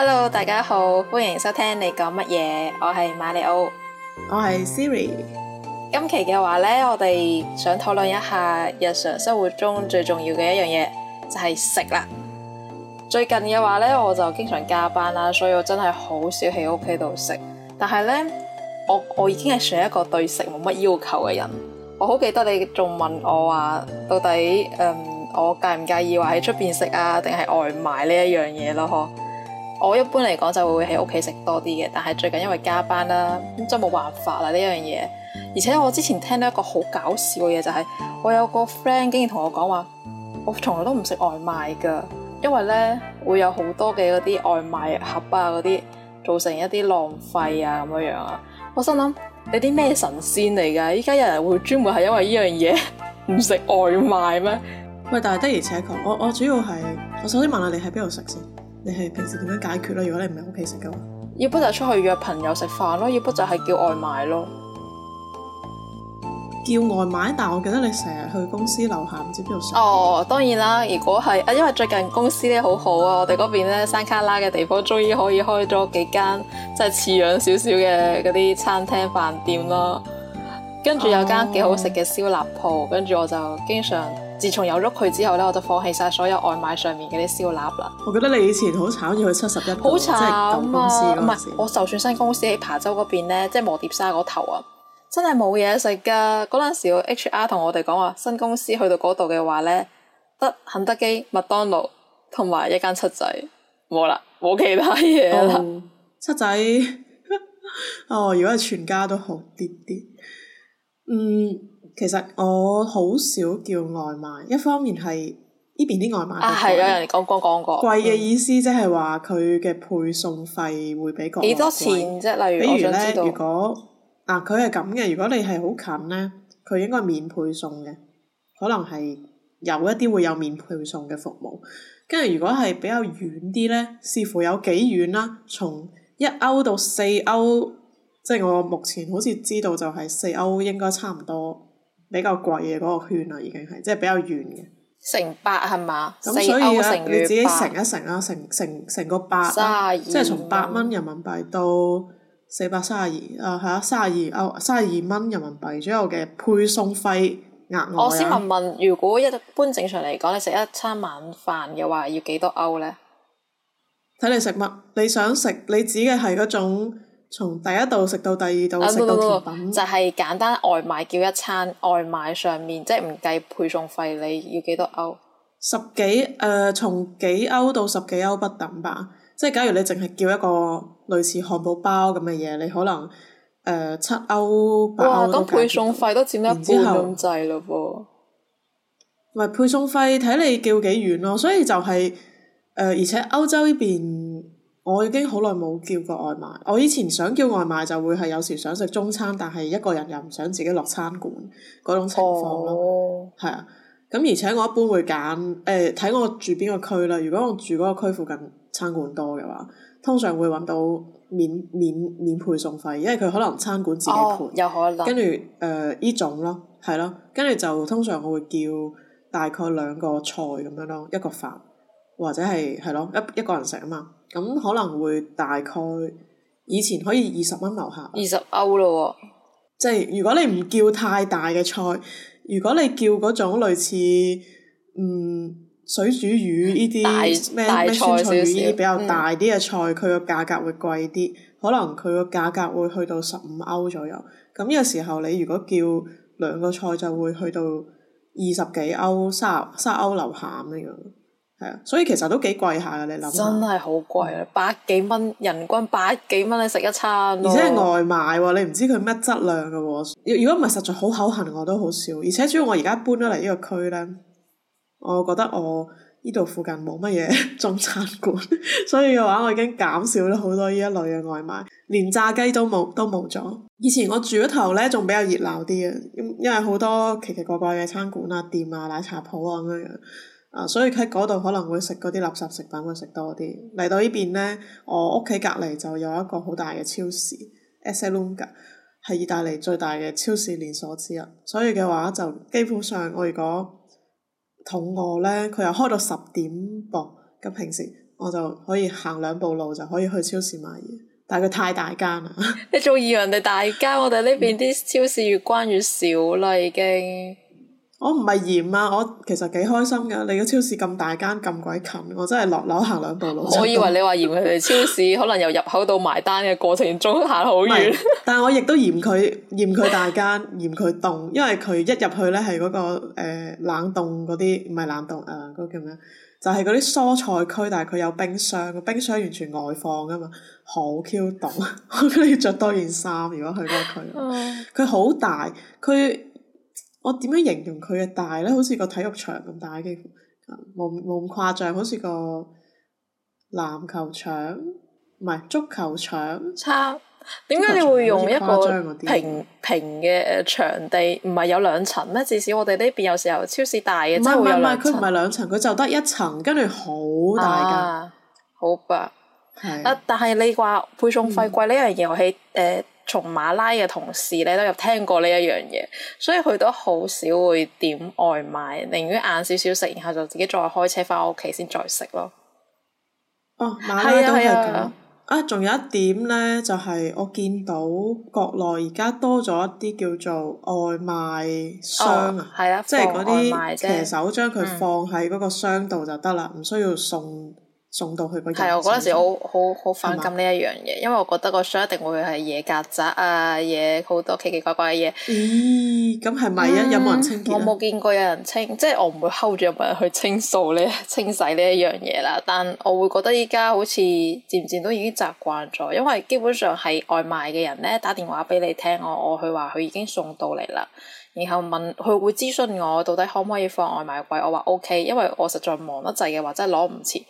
Hello，大家好，歡迎收聽你講乜嘢，我係瑪利奧，我係 Siri，今期嘅話呢，我哋想討論一下日常生活中最重要嘅一樣嘢，就係食啦。最近嘅話呢，我就經常加班啦，所以我真係好少喺屋企度食。但係呢，我我已經係算一個對食冇乜要求嘅人。我好記得你仲問我話，啊，到底嗯我介唔介意話喺出邊食啊，定係外賣呢一樣嘢咯？我一般嚟講就會喺屋企食多啲嘅，但係最近因為加班啦，咁真冇辦法啦呢樣嘢。而且我之前聽到一個好搞笑嘅嘢，就係、是、我有個 friend 竟然同我講話，我從來都唔食外賣㗎，因為咧會有好多嘅嗰啲外賣盒啊，嗰啲造成一啲浪費啊咁樣樣啊。我心諗你啲咩神仙嚟㗎？依家有人會專門係因為呢樣嘢唔食外賣咩？喂，但係得而且確，我我主要係我首先問下你喺邊度食先。你係平時點樣解決啦？如果你唔喺屋企食嘅話，要不就出去約朋友食飯咯，要不就係叫外賣咯。叫外賣，但我記得你成日去公司樓下，唔知邊度食。哦，當然啦，如果係啊，因為最近公司咧好好啊，我哋嗰邊咧山卡拉嘅地方終於可以開咗幾間即係似樣少少嘅嗰啲餐廳飯店啦。跟住有間幾好食嘅燒臘鋪，跟住、哦、我就經常。自從有咗佢之後咧，我就放棄晒所有外賣上面嗰啲燒臘啦。我覺得你以前好慘，要去七十一，即係舊公司嗰陣時、唔係、我就算新公司喺琶洲嗰邊咧，即係磨碟沙嗰頭啊，真係冇嘢食噶。嗰陣時 HR 同我哋講話，新公司去到嗰度嘅話咧，得肯德基、麥當勞同埋一間七仔，冇啦，冇其他嘢啦。七仔、哦， 哦，如果係全家都好啲啲，嗯。其實我好少叫外賣，一方面係呢邊啲外賣啊，係有人哋講講過貴嘅意思，即係話佢嘅配送費會比較多錢。幾多錢啫？例如，我想知道，比如咧，如果嗱佢係咁嘅，如果你係好近咧，佢應該免配送嘅，可能係有一啲會有免配送嘅服務。跟住如果係比較遠啲咧，似乎有幾遠啦，從一歐到四歐，即係我目前好似知道就係四歐應該差唔多。比較貴嘅嗰個圈啦，已經係，即係比較遠嘅。成八係嘛？咁那所以你自己乘一乘啦、啊，成乘乘，乘個八、啊，32 即係從八蚊人民幣到四百三十二，啊係啊三十二歐三十二蚊人民幣，左右嘅配送費額外我、啊哦、先問問，如果一般正常嚟講，你食一餐晚飯嘅話，要幾多歐呢？睇你食乜？你想食？你指嘅係嗰種。從第一道食到第二道食到甜品，嗯嗯嗯、就係、是、簡單外賣叫一餐，外賣上面即係唔計配送費，你要幾多歐？十幾誒、呃，從幾歐到十幾歐不等吧。即係假如你淨係叫一個類似漢堡包咁嘅嘢，你可能誒、呃、七歐八歐哇都解決。咁配送費都佔一半咁滯咯喎。唔係後、呃、配送費，睇你叫幾遠咯。所以就係、是、誒、呃，而且歐洲呢邊。我已經好耐冇叫過外賣。我以前想叫外賣，就會係有時想食中餐，但係一個人又唔想自己落餐館嗰種情況咯。係啊、oh.，咁而且我一般會揀誒，睇我住邊個區啦。如果我住嗰個區附近餐館多嘅話，通常會揾到免免免，免免配送費，因為佢可能餐館自己賠，有可能跟住誒呢種咯，係咯，跟住就通常我會叫大概兩個菜咁樣咯，一個飯或者係係咯，一一個人食啊嘛。咁可能會大概以前可以二十蚊樓下，二十歐咯喎。即係如果你唔叫太大嘅菜，如果你叫嗰種類似嗯，水煮魚呢啲咩咩酸菜魚依啲比較大啲嘅菜，佢個價格會貴啲，嗯、可能佢個價格會去到十五歐左右。咁呢個時候你如果叫兩個菜就會去到二十幾歐三三歐樓下咁樣。係啊，所以其實都幾貴下㗎，你諗真係好貴，百幾蚊人均百幾蚊，你食一餐，而且係外賣喎，你唔知佢乜質量嘅喎。如果唔係實在好口痕，我都好少。而且主要我而家搬咗嚟呢個區咧，我覺得我呢度附近冇乜嘢中餐館，所以嘅話我已經減少咗好多呢一類嘅外賣，連炸雞都冇都冇咗。以前我住嗰頭咧，仲比較熱鬧啲呀，因因為好多奇奇怪怪嘅餐館啊、店啊、奶茶鋪啊咁樣。啊，所以喺嗰度可能會食嗰啲垃圾食品會食多啲。嚟到呢邊咧，我屋企隔離就有一個好大嘅超市 Esselunga 係意大利最大嘅超市連鎖之一。所以嘅話就基本上我如果肚餓咧，佢又開到十點噃。咁平時我就可以行兩步路就可以去超市買嘢，但係佢太大間啦。你仲嫌人哋大間？ 我哋呢邊啲超市越關越少啦，已經。我唔係嫌啊！我其實幾開心噶。你個超市咁大間咁鬼近，我真係落樓行兩步路。我以為你話嫌佢哋超市， 可能由入口到埋單嘅過程中行好遠。但係我亦都嫌佢 嫌佢大間，嫌佢凍，因為佢一入去咧係嗰個、呃、冷凍嗰啲，唔係冷凍啊，嗰、嗰個叫咩？就係嗰啲蔬菜區，但係佢有冰箱，冰箱完全外放㗎嘛，好 Q 凍， 我覺得要着多件衫如果去嗰區。佢好 大，佢。我點樣形容佢嘅大呢？好似個體育場咁大，幾乎冇，冇咁誇張，好似個籃球場，唔係足球場。差點解你會用一個平平嘅場地？唔係有兩層咩？至少我哋呢邊有時候超市大嘅不真係會有兩層。唔係唔係，佢唔係兩層，佢就得一層，跟住好大㗎、啊，好大。係是啊，但係你話配送費貴呢樣嘢，我係、嗯從馬拉嘅同事咧都有聽過呢一樣嘢，所以佢都好少會點外賣，寧願晏少少食，然後就自己再開車翻屋企先再食咯。哦，馬拉都係咁啊！仲有一點咧，就係、係、我見到國內而家多咗一啲叫做外賣箱啊，哦就係、即係嗰啲騎手將佢放喺嗰個箱度就得啦，唔、嗯、需要送。送到去個入邊。係，我嗰時好好好反感呢一樣嘢，因為我覺得個箱一定會係嘢曱甴啊，嘢好多奇奇怪怪嘅嘢。咦、欸？咁係咪啊？嗯、有冇人清潔啊？我冇見過有人清，即係我唔會睺住有人去清掃咧、清洗呢一樣嘢啦。但我會覺得依家好似漸漸都已經習慣咗，因為基本上係外賣嘅人咧，打電話俾你聽，我我佢話佢已經送到嚟啦，然後問佢會諮詢我到底可唔可以放外賣櫃，我話 OK，因為我實在忙得滯嘅話，真係攞唔切。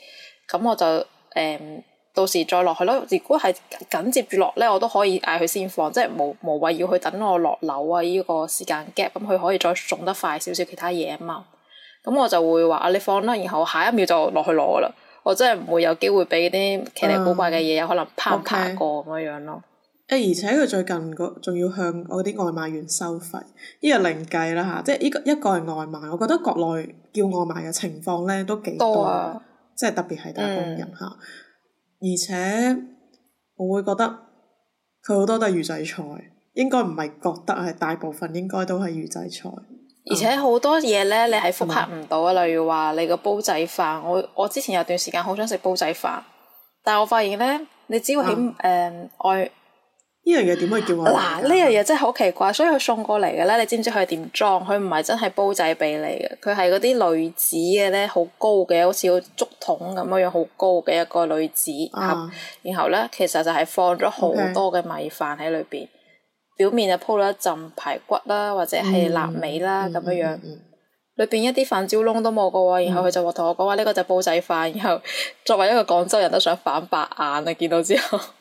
咁我就誒、嗯、到時再落去咯。如果係緊接住落咧，我都可以嗌佢先放，即係無無謂要去等我落樓啊！依、呢個時間 gap，咁佢可以再送得快少少其他嘢啊嘛。咁我就會話啊，你放啦，然後下一秒就落去攞啦。我真係唔會有機會俾啲奇離古怪嘅嘢有可能拋爬過咁 okay. 樣咯。誒，而且佢最近仲要向我啲外賣員收費，呢個另計啦吓。即係依個一個係外賣，我覺得國內叫外賣嘅情況咧都幾多。多啊。即係特別係大部分人嚇，嗯、而且我會覺得佢好多都係魚仔菜，應該唔係覺得係大部分應該都係魚仔菜。而且好多嘢咧，你係複刻唔到啊！到嗎例如話你個煲仔飯，我我之前有段時間好想食煲仔飯，但我發現咧，你只要喺誒外。呢樣嘢點可以點啊？嗱，呢樣嘢真係好奇怪，所以佢送過嚟嘅咧，你知唔知佢係點裝？佢唔係真係煲仔俾你嘅，佢係嗰啲類子嘅咧，好高嘅，好似個竹筒咁樣樣，好高嘅一個類子，然後咧其實就係放咗好多嘅米飯喺裏邊，表面就鋪咗一浸排骨啦，或者係臘味啦咁樣樣，裏邊一啲飯焦窿都冇嘅喎。然後佢就話同我講話呢個就煲仔飯，然後作為一個廣州人都想反白眼啊，見到之後。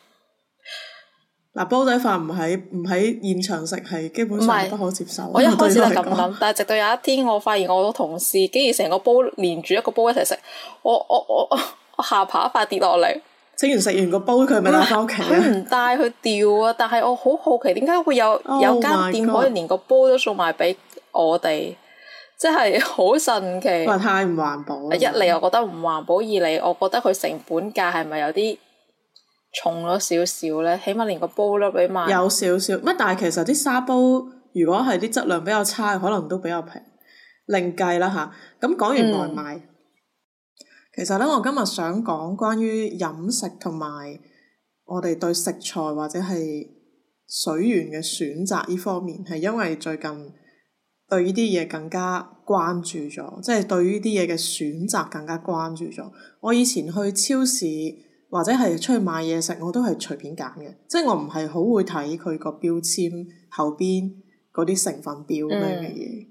嗱、啊，煲仔飯唔喺唔喺現場食，係基本上不可是接受。我一開始係咁諗， 但係直到有一天，我發現我個同事竟然成個煲連住一個煲一齊食，我我我我，我下巴一塊跌落嚟，整完食完個煲佢咪攞返屋企。佢唔帶去掉啊，啊！但係我好好奇，點解會有有間店可以連個煲都送埋俾我哋？即係好神奇。太唔環保！一嚟我覺得唔環保，二嚟 我覺得佢成本價係咪有啲？重咗少少咧，起碼連個煲都俾埋。有少少乜？但係其實啲砂煲，如果係啲質量比較差，可能都比較平。另計啦嚇。咁、啊、講完外賣，嗯、其實咧，我今日想講關於飲食同埋我哋對食材或者係水源嘅選擇呢方面，係因為最近對呢啲嘢更加關注咗，即、就、係、是、對呢啲嘢嘅選擇更加關注咗。我以前去超市。或者係出去買嘢食，我都係隨便揀嘅，即係我唔係好會睇佢個標籤後邊嗰啲成分表咁樣嘅嘢。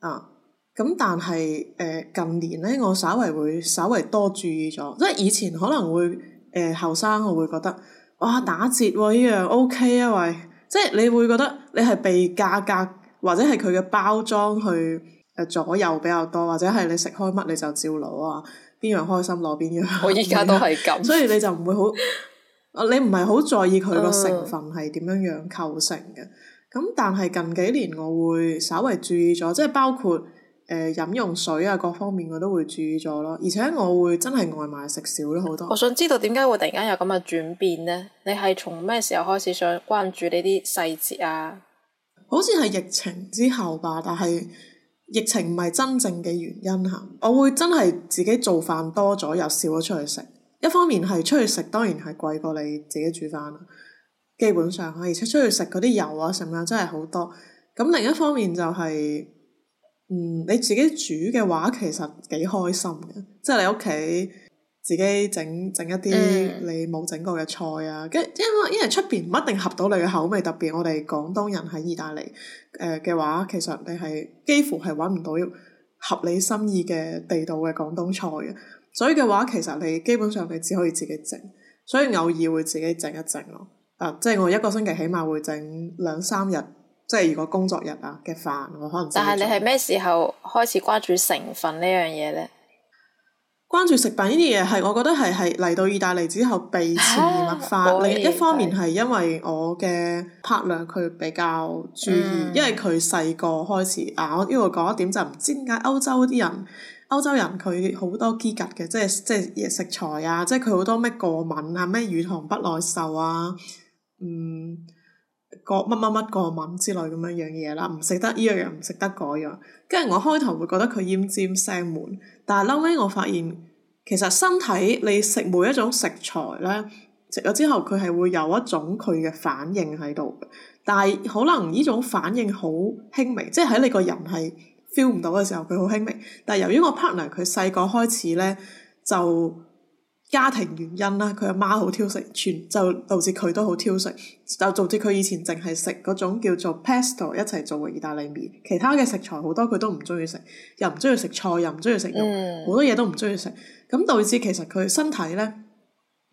嗯、啊，咁但係誒、呃、近年咧，我稍為會稍為多注意咗，即係以前可能會誒後生，呃、我會覺得哇打折喎、啊，呢樣 O、OK、K 啊，喂，即係你會覺得你係被價格或者係佢嘅包裝去誒、呃、左右比較多，或者係你食開乜你就照攞啊。邊樣開心攞邊樣，樣，我而家都係咁。所以你就唔會好， 你唔係好在意佢個成分係點樣樣構成嘅。咁、嗯、但係近幾年我會稍微注意咗，即、就、係、是、包括誒、呃、飲用水啊各方面，我都會注意咗咯。而且我會真係外賣食少咗好多。我想知道點解會突然間有咁嘅轉變呢？你係從咩時候開始想關注呢啲細節啊？好似係疫情之後吧，但係。疫情唔係真正嘅原因嚇，我會真係自己做飯多咗，又少咗出去食。一方面係出去食當然係貴過你自己煮飯，基本上啊，而且出去食嗰啲油啊什麼真係好多。咁另一方面就係，嗯，你自己煮嘅話其實幾開心嘅，即係你屋企。自己整整一啲你冇整過嘅菜啊，跟、嗯、因為因為出邊唔一定合到你嘅口味，特別我哋廣東人喺意大利誒嘅、呃、話，其實你係幾乎係揾唔到合你心意嘅地道嘅廣東菜嘅，所以嘅話其實你基本上你只可以自己整，所以偶爾會自己整一整咯。誒、嗯，即係我一個星期起碼會整兩三日，即、就、係、是、如果工作日啊嘅飯我可能。但係你係咩時候開始關注成分呢樣嘢咧？關注食品呢啲嘢係，我覺得係係嚟到意大利之後被潛移默化。另蛤一方面係因為我嘅拍檔，佢比較注意，嗯、因為佢細個開始啊。我因為講一點就唔知點解歐洲啲人、歐洲人佢好多機格嘅，即係即係食材啊，即係佢好多咩過敏啊，咩乳糖不耐受啊，嗯、過乜乜乜過敏之類咁樣樣嘢啦，唔食得呢樣嘢，唔食得嗰樣，跟住我開頭會覺得佢奄尖腥悶。但係後尾，我發現其實身體你食每一種食材咧，食咗之後佢係會有一種佢嘅反應喺度，但係可能呢種反應好輕微，即係喺你個人係 feel 唔到嘅時候，佢好輕微。但係由於我 partner 佢細個開始咧就。家庭原因啦，佢阿媽好挑食，全就導致佢都好挑食，就導致佢以前淨係食嗰種叫做 pesto 一齊做嘅意大利麵，其他嘅食材好多佢都唔中意食，又唔中意食菜，又唔中意食肉，好多嘢都唔中意食，咁導致其實佢身體呢，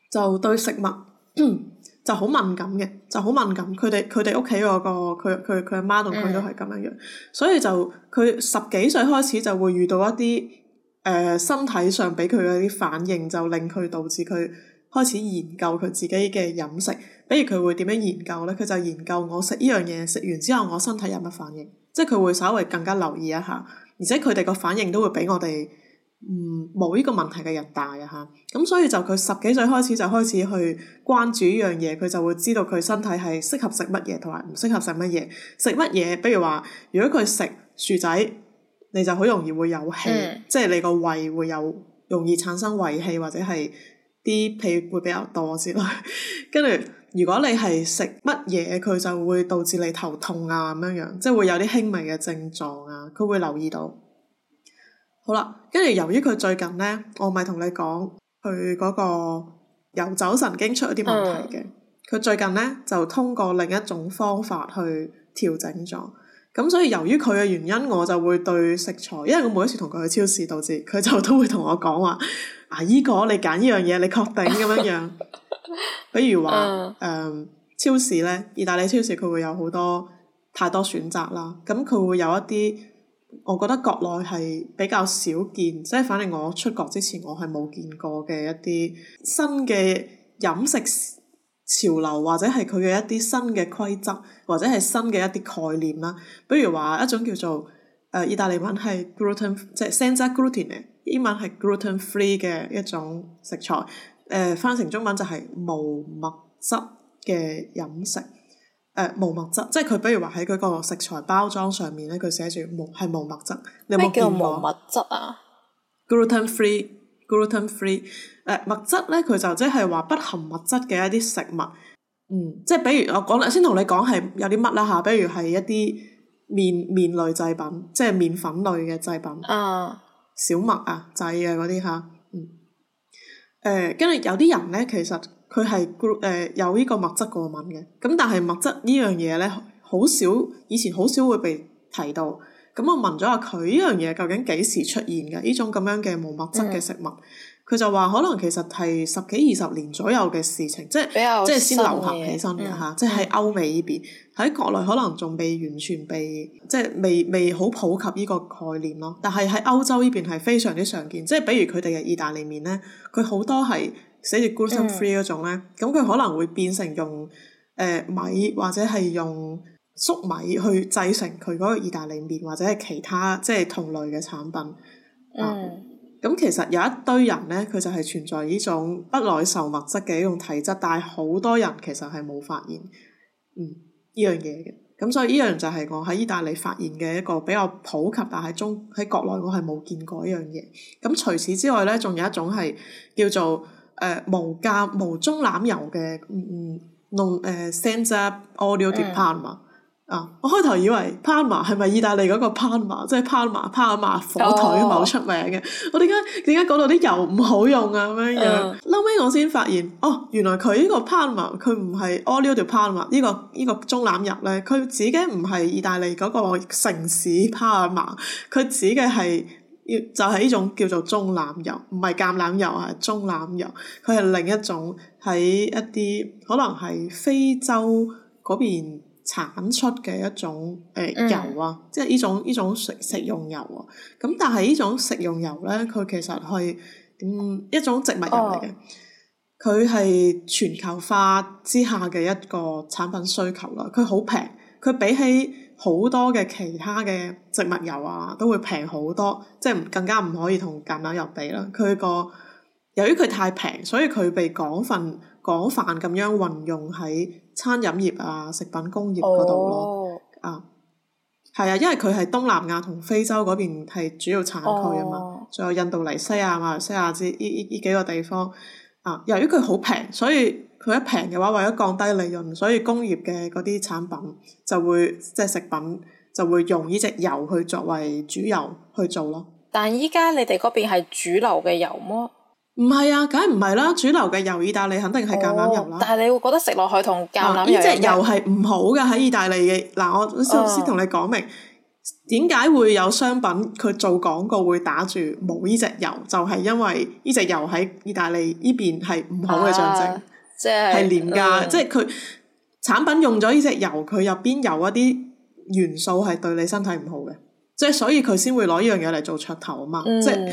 就對食物 就好敏感嘅，就好敏感。佢哋佢哋屋企嗰個佢佢佢阿媽同佢都係咁樣樣，所以就佢十幾歲開始就會遇到一啲。身體上俾佢嗰啲反應，就令佢導致佢開始研究佢自己嘅飲食。比如佢會點樣研究呢？佢就研究我食呢樣嘢，食完之後我身體有乜反應。即係佢會稍微更加留意一下，而且佢哋個反應都會比我哋冇呢個問題嘅人大啊！咁所以就佢十幾歲開始就開始去關注呢樣嘢，佢就會知道佢身體係適合食乜嘢同埋唔適合食乜嘢。食乜嘢？比如話，如果佢食薯仔。你就好容易會有氣，嗯、即係你個胃會有容易產生胃氣或者係啲屁會比較多先啦。跟 住如果你係食乜嘢，佢就會導致你頭痛啊咁樣樣，即係會有啲輕微嘅症狀啊。佢會留意到。好啦，跟住由於佢最近呢，我咪同你講佢嗰個遊走神經出一啲問題嘅。佢、嗯、最近呢，就通過另一種方法去調整咗。咁所以由於佢嘅原因，我就會對食材，因為我每一次同佢去超市，導致佢就都會同我講話，啊依、這個你揀呢樣嘢，你確定咁樣樣？比如話，誒、嗯、超市咧，意大利超市佢會有好多太多選擇啦。咁佢會有一啲，我覺得國內係比較少見，即、就、係、是、反正我出國之前我係冇見過嘅一啲新嘅飲食。潮流或者係佢嘅一啲新嘅規則，或者係新嘅一啲概念啦。比如話一種叫做誒、呃、意大利文係 gluten，即係 senza glutine 嘅英文係 gluten free 嘅一種食材。誒、呃、翻成中文就係無麩質嘅飲食。誒、呃、無麩質，即係佢。比如話喺佢個食材包裝上面咧，佢寫住無係無麩質。你有冇見過？咩叫無麩質啊？Gluten free。gluten free，誒、呃、物質咧佢就即係話不含物質嘅一啲食物，嗯，即係比如我講啦先同你講係有啲乜啦嚇，比如係一啲麵麵類製品，即係麵粉類嘅製品，uh, 啊，小麥啊製嘅嗰啲嚇，嗯，誒、呃，跟住有啲人咧其實佢係 g 有呢個物質過敏嘅，咁但係物質呢樣嘢咧好少以前好少會被提到。咁我問咗下佢呢樣嘢究竟幾時出現嘅？呢種咁樣嘅無麩質嘅食物，佢、嗯、就話可能其實係十幾二十年左右嘅事情，較即係即係先流行起身嘅吓，嗯、即係喺歐美呢邊，喺國內可能仲未完全被即係未未好普及呢個概念咯。但係喺歐洲呢邊係非常之常見，即係比如佢哋嘅意大利麵咧，佢好多係寫住 gluten free 嗰種咧，咁佢可能會變成用誒、呃、米或者係用，粟米去製成佢嗰個意大利麵或者係其他即係同類嘅產品，咁、mm. 嗯、其實有一堆人咧，佢就係存在呢種不耐受物質嘅一種體質，但係好多人其實係冇發現，嗯，呢樣嘢嘅。咁所以呢樣就係我喺意大利發現嘅一個比較普及，但係中喺國內我係冇見過呢樣嘢。咁除此之外咧，仲有一種係叫做誒、呃、無加無棕櫚油嘅，嗯嗯，農誒 senza olio di palma 嘛。Stand 啊！Uh, 我開頭以為 Panma a 係咪意大利嗰個 Panma，a 即係 Panma a、Panma a 火腿冇出名嘅。Oh. 我點解點解講到啲油唔好用啊咁樣樣？Uh. 後尾我先發現哦，原來佢呢個 Panma a 佢唔係屙呢條 Panma，a 呢、這個呢、這個棕櫚油咧，佢指嘅唔係意大利嗰個城市 Panma，a 佢指嘅係要就係、是、呢種叫做棕櫚油，唔係橄欖油係棕櫚油，佢係另一種喺一啲可能係非洲嗰邊。產出嘅一種誒、呃嗯、油啊，即係呢種呢種食食用油啊。咁但係呢種食用油咧，佢其實係點一種植物油嚟嘅。佢係、哦、全球化之下嘅一個產品需求啦。佢好平，佢比起好多嘅其他嘅植物油啊，都會平好多，即係更加唔可以同橄欖油比啦。佢個由於佢太平，所以佢被廣泛。廣泛咁樣運用喺餐飲業啊、食品工業嗰度咯，oh. 啊，係啊，因為佢係東南亞同非洲嗰邊係主要產區啊嘛，仲、oh. 有印度尼西亞、馬來西亞之呢依依幾個地方啊。由於佢好平，所以佢一平嘅話，為咗降低利潤，所以工業嘅嗰啲產品就會即係、就是、食品就會用呢隻油去作為主油去做咯。但依家你哋嗰邊係主流嘅油麼？唔係啊，梗係唔係啦！主流嘅油，意大利肯定係橄欖油啦。哦、但係你會覺得食落去同橄欖油一樣。嗱、啊，呢隻油係唔好嘅喺意大利嘅。嗱、啊，我先同你講明點解、嗯、會有商品佢做廣告會打住冇呢隻油，就係、是、因為呢隻油喺意大利呢邊係唔好嘅象徵，啊、即係廉價。嗯、即係佢產品用咗呢隻油，佢入邊有一啲元素係對你身體唔好嘅，即係所以佢先會攞呢樣嘢嚟做噱頭啊嘛，嗯、即係。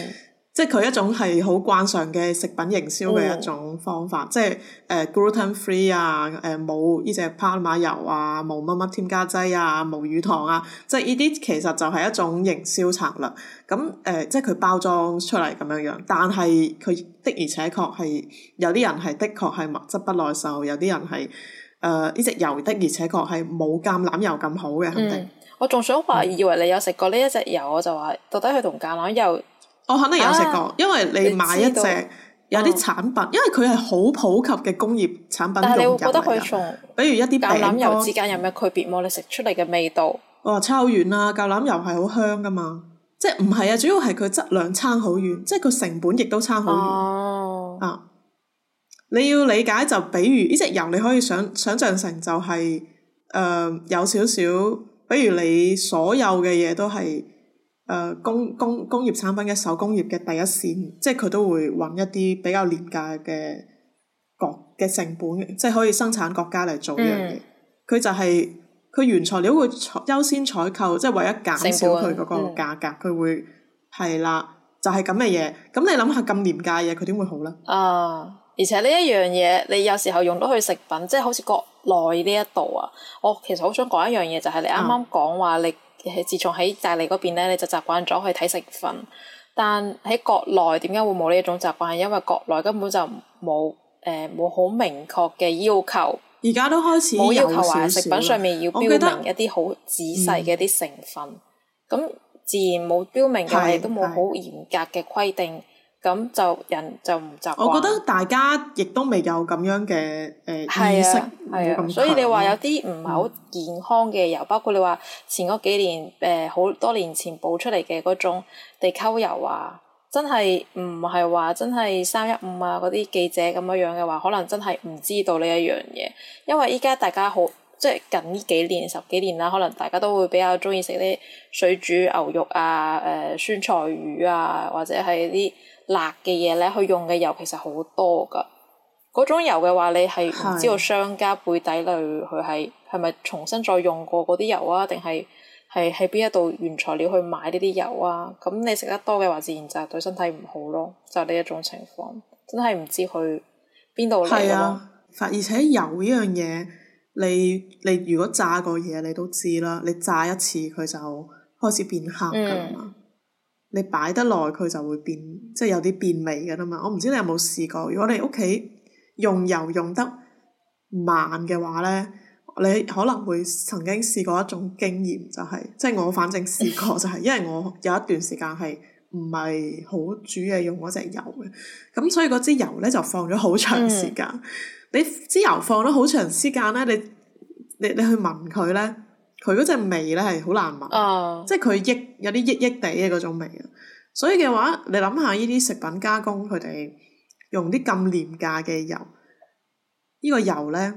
即係佢一種係好慣常嘅食品營銷嘅一種方法，嗯、即係誒、呃、gluten free 啊，誒冇呢隻帕瑪油啊，冇乜乜添加劑啊，冇乳糖啊，即係呢啲其實就係一種營銷策略。咁誒、呃，即係佢包裝出嚟咁樣樣，但係佢的而且確係有啲人係的確係物質不耐受，有啲人係誒呢隻油的而且確係冇橄欖油咁好嘅，肯定。嗯、我仲想話，嗯、以為你有食過呢一隻油，我就話，到底佢同橄欖油？我肯定有食過，啊、因為你買一隻有啲產品，嗯、因為佢係好普及嘅工業產品入嚟啊。覺得比如一啲橄欖油之間有咩區別麼區別？你食出嚟嘅味道，哇，差好遠啊！橄欖油係好香噶嘛，即係唔係啊？主要係佢質量差好遠，即係佢成本亦都差好遠、哦、啊！你要理解就，比如呢隻油你可以想想像成就係、是、誒、呃、有少少，比如你所有嘅嘢都係。誒、呃、工工工業產品嘅手工業嘅第一線，即係佢都會揾一啲比較廉價嘅國嘅成本，即係可以生產國家嚟做呢樣嘢。佢、嗯、就係、是、佢原材料會優先採購，即係為咗減少佢嗰本個價格，佢會係啦、嗯，就係咁嘅嘢。咁你諗下咁廉價嘢，佢點會好咧？啊！而且呢一樣嘢，你有時候用到去食品，即、就、係、是、好似國內呢一度啊。我其實好想講一樣嘢，就係、是、你啱啱講話你、啊。係自從喺大利嗰邊咧，你就習慣咗去睇成分，但喺國內點解會冇呢一種習慣？係因為國內根本就冇誒冇好明確嘅要求。而家都開始冇要求話食品上面要標明一啲好仔細嘅啲成分，咁自然冇標明，同埋都冇好嚴格嘅規定。咁就人就唔就，我覺得大家亦都未有咁樣嘅誒、呃啊、意識，冇咁強、啊、所以你話有啲唔係好健康嘅油，嗯、包括你話前嗰幾年誒好、呃、多年前補出嚟嘅嗰種地溝油啊，真係唔係話真係三一五啊嗰啲記者咁樣樣嘅話，可能真係唔知道呢一樣嘢。因為依家大家好，即係近呢幾年十幾年啦，可能大家都會比較中意食啲水煮牛肉啊、誒、呃、酸菜魚啊，或者係啲，辣嘅嘢咧，佢用嘅油其實好多噶，嗰種油嘅話，你係唔知道商家背底裏佢係係咪重新再用過嗰啲油啊？定係係喺邊一度原材料去買呢啲油啊？咁你食得多嘅話，自然就係對身體唔好咯，就呢一種情況，真係唔知佢邊度嚟咯。係啊，而且油呢樣嘢，你你如果炸過嘢，你都知啦。你炸一次佢就開始變黑噶嘛。嗯你擺得耐佢就會變，即係有啲變味嘅啦嘛。我唔知你有冇試過，如果你屋企用油用得慢嘅話咧，你可能會曾經試過一種經驗，就係即係我反正試過就係，因為我有一段時間係唔係好煮嘢用嗰隻油嘅，咁所以嗰支油咧就放咗好長時間。嗯。你支油放咗好長時間咧，你你你去聞佢咧？佢嗰隻味咧係好難聞，oh. 即係佢益有啲益益地嘅嗰種味啊。所以嘅話，你諗下呢啲食品加工佢哋用啲咁廉價嘅油，呢、這個油咧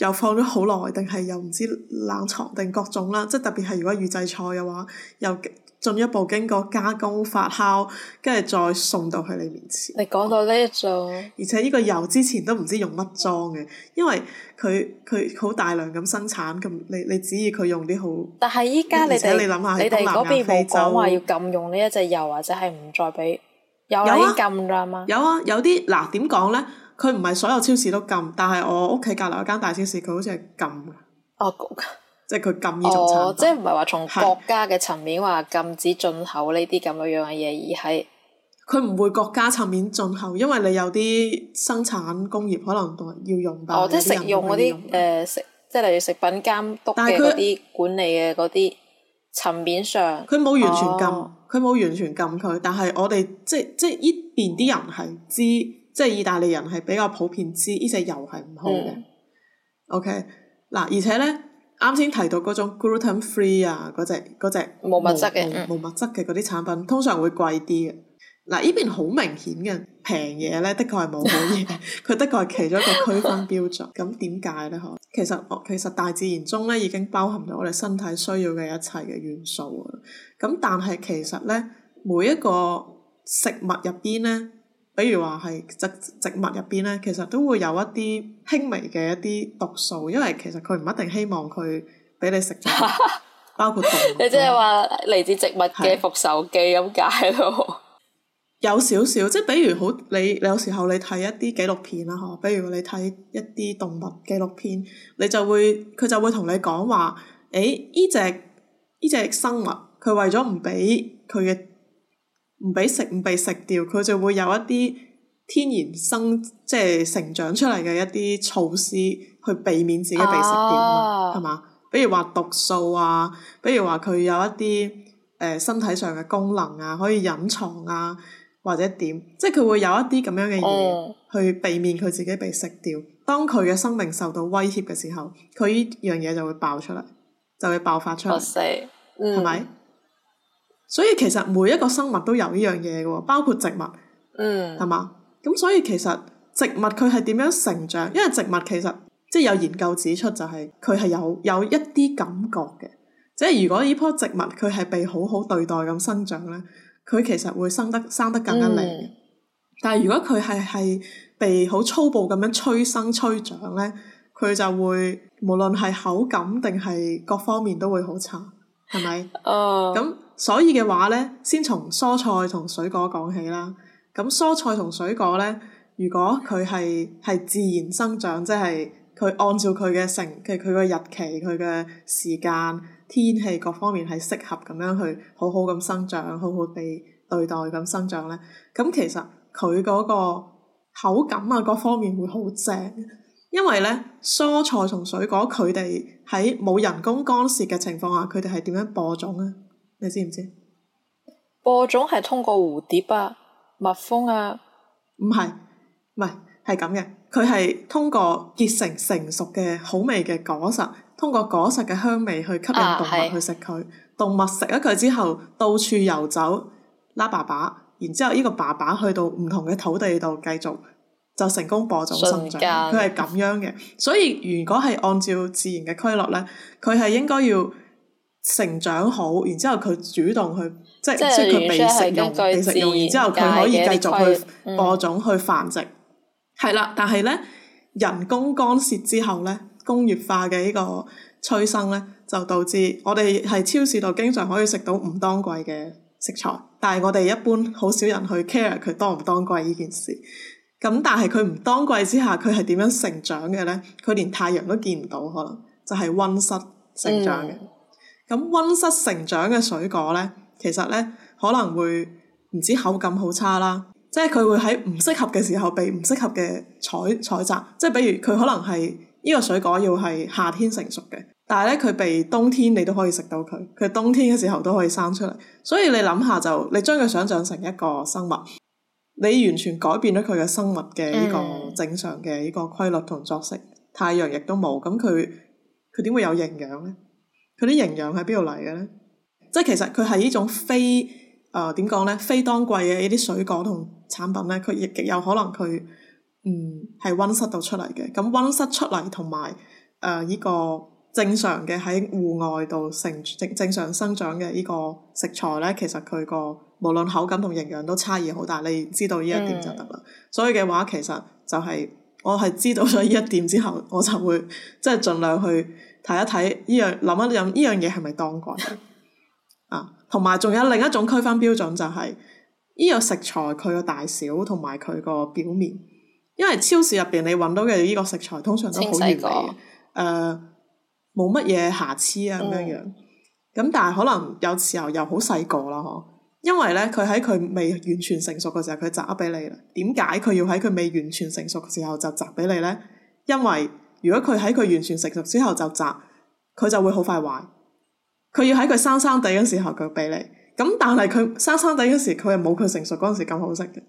又放咗好耐，定係又唔知冷藏定各種啦。即係特別係如果預製菜嘅話，又。進一步經過加工發酵，跟住再送到去你面前。你講到呢一種，而且呢個油之前都唔知用乜裝嘅，因為佢佢好大量咁生產咁，你你指意佢用啲好。但係依家你哋，你諗下，你哋嗰邊冇講話要禁用呢一隻油，或者係唔再俾有啲禁㗎嘛？有啊，有啲嗱點講咧？佢唔係所有超市都禁，但係我屋企隔籬嗰間大超市佢好似係禁。啊、oh 即係佢禁呢種產品，哦，即係唔係話從國家嘅層面話禁止進口呢啲咁樣樣嘅嘢，是而係佢唔會國家層面進口，因為你有啲生產工業可能要用，哦，可能要用到。哦，即係食用嗰啲誒食，即係例如食品監督嘅嗰啲管理嘅嗰啲層面上，佢冇完全禁，佢冇，哦，完全禁佢，但係我哋即係即係呢邊啲人係知，即係意大利人係比較普遍知呢隻油係唔好嘅。嗯，OK，嗱，啊，而且咧。啱先提到嗰種 gluten free 啊，嗰隻嗰隻冇物質嘅，冇物質嘅嗰啲產品通常會貴啲嘅。嗱，呢邊好明顯嘅平嘢咧， 的確係冇好嘢。佢的確係其中一個區分標準。咁點解咧？嗬，其實、哦、其實大自然中咧已經包含咗我哋身體需要嘅一切嘅元素啊。咁但係其實咧每一個食物入邊咧。比如話係植植物入邊咧，其實都會有一啲輕微嘅一啲毒素，因為其實佢唔一定希望佢俾你食，包括毒。你即係話嚟自植物嘅復仇記咁解咯？ 有少少，即係比如好，你你有時候你睇一啲紀錄片啦，嗬，比如你睇一啲動物紀錄片，你就會佢就會同你講話，誒呢隻呢隻生物佢為咗唔俾佢嘅，唔俾食，唔被食掉，佢就會有一啲天然生，即係成長出嚟嘅一啲措施去避免自己被食掉，係嘛、啊？比如話毒素啊，比如話佢有一啲誒、呃、身體上嘅功能啊，可以隱藏啊，或者點，即係佢會有一啲咁樣嘅嘢、哦、去避免佢自己被食掉。當佢嘅生命受到威脅嘅時候，佢呢樣嘢就會爆出嚟，就會爆發出嚟。係咪？嗯。所以其實每一個生物都有呢樣嘢嘅喎，包括植物，嗯，係嘛？咁所以其實植物佢係點樣成長？因為植物其實即係、就係、有研究指出就係係，就係佢係有有一啲感覺嘅。即係如果呢棵植物佢係被好好對待咁生長咧，佢其實會生得生得更加靚嘅。嗯、但係如果佢係係被好粗暴咁樣催生催長咧，佢就會無論係口感定係各方面都會好差，係咪？哦，咁。所以嘅話咧，先從蔬菜同水果講起啦。咁蔬菜同水果咧，如果佢係係自然生長，即係佢按照佢嘅成佢佢嘅日期、佢嘅時間、天氣各方面係適合咁樣去好好咁生長，好好地對待咁生長咧。咁其實佢嗰個口感啊，各方面會好正，因為咧蔬菜同水果佢哋喺冇人工干涉嘅情況下，佢哋係點樣播種咧？你知唔知播種係通過蝴蝶啊、蜜蜂啊？唔係，唔係，係咁嘅。佢係通過結成成熟嘅好味嘅果實，通過果實嘅香味去吸引動物去食佢。啊、動物食咗佢之後，到處游走拉粑粑，然之後呢個粑粑去到唔同嘅土地度繼續就成功播種生長。佢係咁樣嘅， 所以如果係按照自然嘅規律咧，佢係應該要。成長好，然之後佢主動去，即係即係佢被食用，被食用，然之後佢可以繼續去播種、嗯、去繁殖。係啦，但係咧人工干涉之後咧，工業化嘅呢個催生咧，就導致我哋喺超市度經常可以食到唔當季嘅食材，但係我哋一般好少人去 care 佢當唔當季呢件事。咁但係佢唔當季之下，佢係點樣成長嘅咧？佢連太陽都見唔到，可能就係温室成長嘅。嗯咁温室成長嘅水果咧，其實咧可能會唔止口感好差啦，即係佢會喺唔適合嘅時候被唔適合嘅採採摘，即係比如佢可能係呢個水果要係夏天成熟嘅，但係咧佢被冬天你都可以食到佢，佢冬天嘅時候都可以生出嚟。所以你諗下就，你將佢想像成一個生物，你完全改變咗佢嘅生物嘅呢個正常嘅呢個規律同作息，太陽亦都冇，咁佢佢點會有營養咧？佢啲營養喺邊度嚟嘅咧？即係其實佢係呢種非啊點講咧？非當季嘅呢啲水果同產品咧，佢亦極有可能佢嗯係温室度出嚟嘅。咁、嗯、温室出嚟同埋誒呢個正常嘅喺戶外度成正正常生長嘅呢個食材咧，其實佢個無論口感同營養都差異好大。你知道呢一點就得啦。嗯、所以嘅話，其實就係、係、我係知道咗呢一點之後，我就會即係盡量去。睇一睇依樣，諗一諗依樣嘢係咪當季 啊？同埋仲有另一種區分標準，就係呢個食材佢個大小同埋佢個表面，因為超市入邊你揾到嘅呢個食材通常都好完美，誒冇乜嘢瑕疵啊咁樣樣。咁但係可能有時候又好細個啦嗬，因為咧佢喺佢未完全成熟嘅時候佢摘咗俾你啦。點解佢要喺佢未完全成熟嘅時候就摘俾你咧？因為如果佢喺佢完全成熟之後就摘，佢就會好快壞。佢要喺佢生生地嗰時候佢俾你。咁但係佢生生地嗰時，佢係冇佢成熟嗰時咁好食嘅。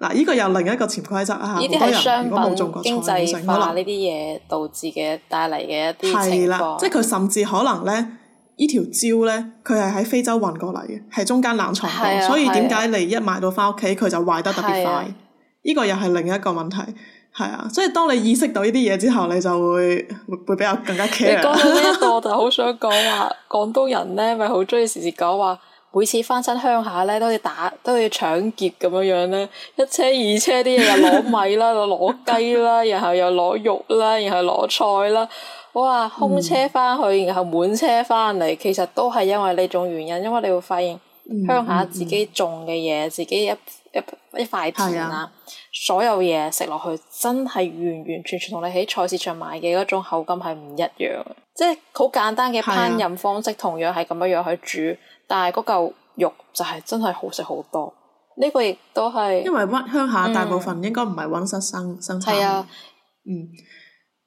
嗱，呢個又另一個潛規則啊！好多人如果冇種過菜，商品經濟化可能呢啲嘢導致嘅帶嚟嘅一啲情況。係啦，即係佢甚至可能咧，呢條蕉咧，佢係喺非洲運過嚟嘅，係中間冷藏庫，啊、所以點解你一買到翻屋企佢就壞得特別快？呢、啊啊、個又係另一個問題。係啊，所以當你意識到呢啲嘢之後，你就會會比較更加 care。你講到呢一個，我就好想講話、啊、 廣東人咧，咪好中意時時講話，每次翻親鄉下咧，都要打，都要搶劫咁樣樣咧。一車二車啲嘢又攞米啦，攞 雞啦，然後又攞肉啦，然後攞菜啦。哇，空車翻去，嗯、然後滿車翻嚟，其實都係因為呢種原因，因為你會發現鄉下自己種嘅嘢、嗯嗯嗯，自己一一一塊田啊。嗯所有嘢食落去真係完完全全同你喺菜市場買嘅嗰種口感係唔一樣，即係好簡單嘅烹飪方式，同樣係咁樣樣去煮，係啊、但係嗰嚿肉就係真係好食好多。呢、呢個亦都係因為屈鄉下大部分應該唔係溫室生生產。係啊，嗯。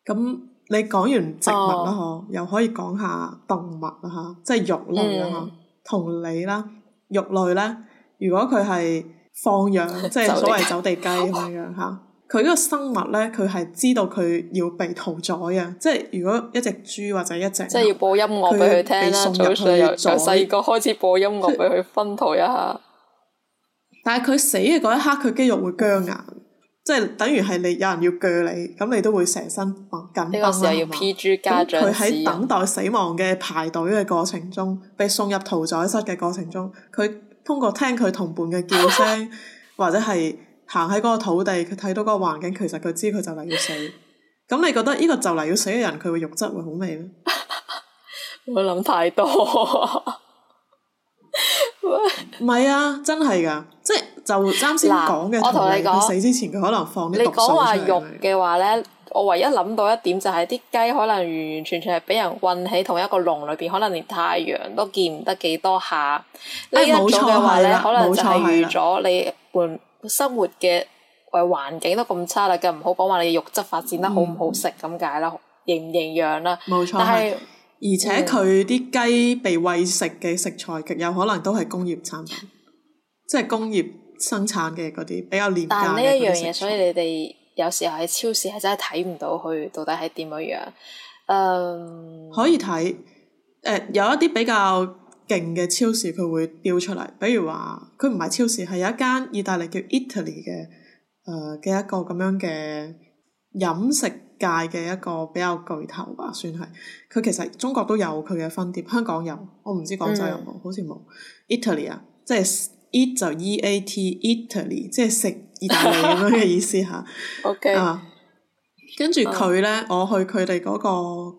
咁你講完植物啦，嗬，哦、又可以講下動物啦，嚇，即係肉類啦，嗯、同你啦，肉類咧，如果佢係。放養即係所謂走地雞咁樣嚇，佢嗰 個生物咧，佢係知道佢要被屠宰嘅，即係如果一隻豬或者一隻，即係要播音樂俾佢聽啦。早上由細個開始播音樂俾佢熏陶一下。但係佢死嘅嗰一刻，佢肌肉會僵硬，即係等於係你有人要鋸你，咁你都會成身繃緊。呢個時候要 P G 家長，佢喺等待死亡嘅排隊嘅過程中，被送入屠宰室嘅過程中，佢。通過聽佢同伴嘅叫聲， 或者係行喺嗰個土地，佢睇到嗰個環境，其實佢知佢就嚟要死。咁 你覺得呢個就嚟要死嘅人，佢會肉質會好味咩？ 我諗太多。唔係啊，真係噶， 即係就啱先講嘅情況，佢死之前佢可能放啲毒素出嚟。肉嘅話咧？我唯一諗到一點就係、是、啲雞可能完完全全係俾人困喺同一個籠裏邊，可能連太陽都見唔得幾多下。呢一種嘅話咧，可能就係預咗你伴生活嘅環境都咁差啦，更唔好講話你肉質發展得好唔好食咁解啦，營唔營養啦。冇錯，但係是而且佢啲雞被餵食嘅食材極有可能都係工業產品，即係、嗯、工業生產嘅嗰啲比較廉價。呢一樣嘢，所以你哋。有時候喺超市係真係睇唔到佢到底係點樣樣，嗯、um，可以睇，誒、呃、有一啲比較勁嘅超市佢會標出嚟，比如話佢唔係超市，係有一間意大利叫 Italy 嘅，誒、呃、嘅一個咁樣嘅飲食界嘅一個比較巨頭吧，算係佢其實中國都有佢嘅分店，香港有，我唔知廣州有冇？嗯、好似冇 Italy 啊即係 eat 就 E A T Italy，即係食意大利咁樣嘅意思嚇。O K。啊，跟住佢咧，我去佢哋嗰個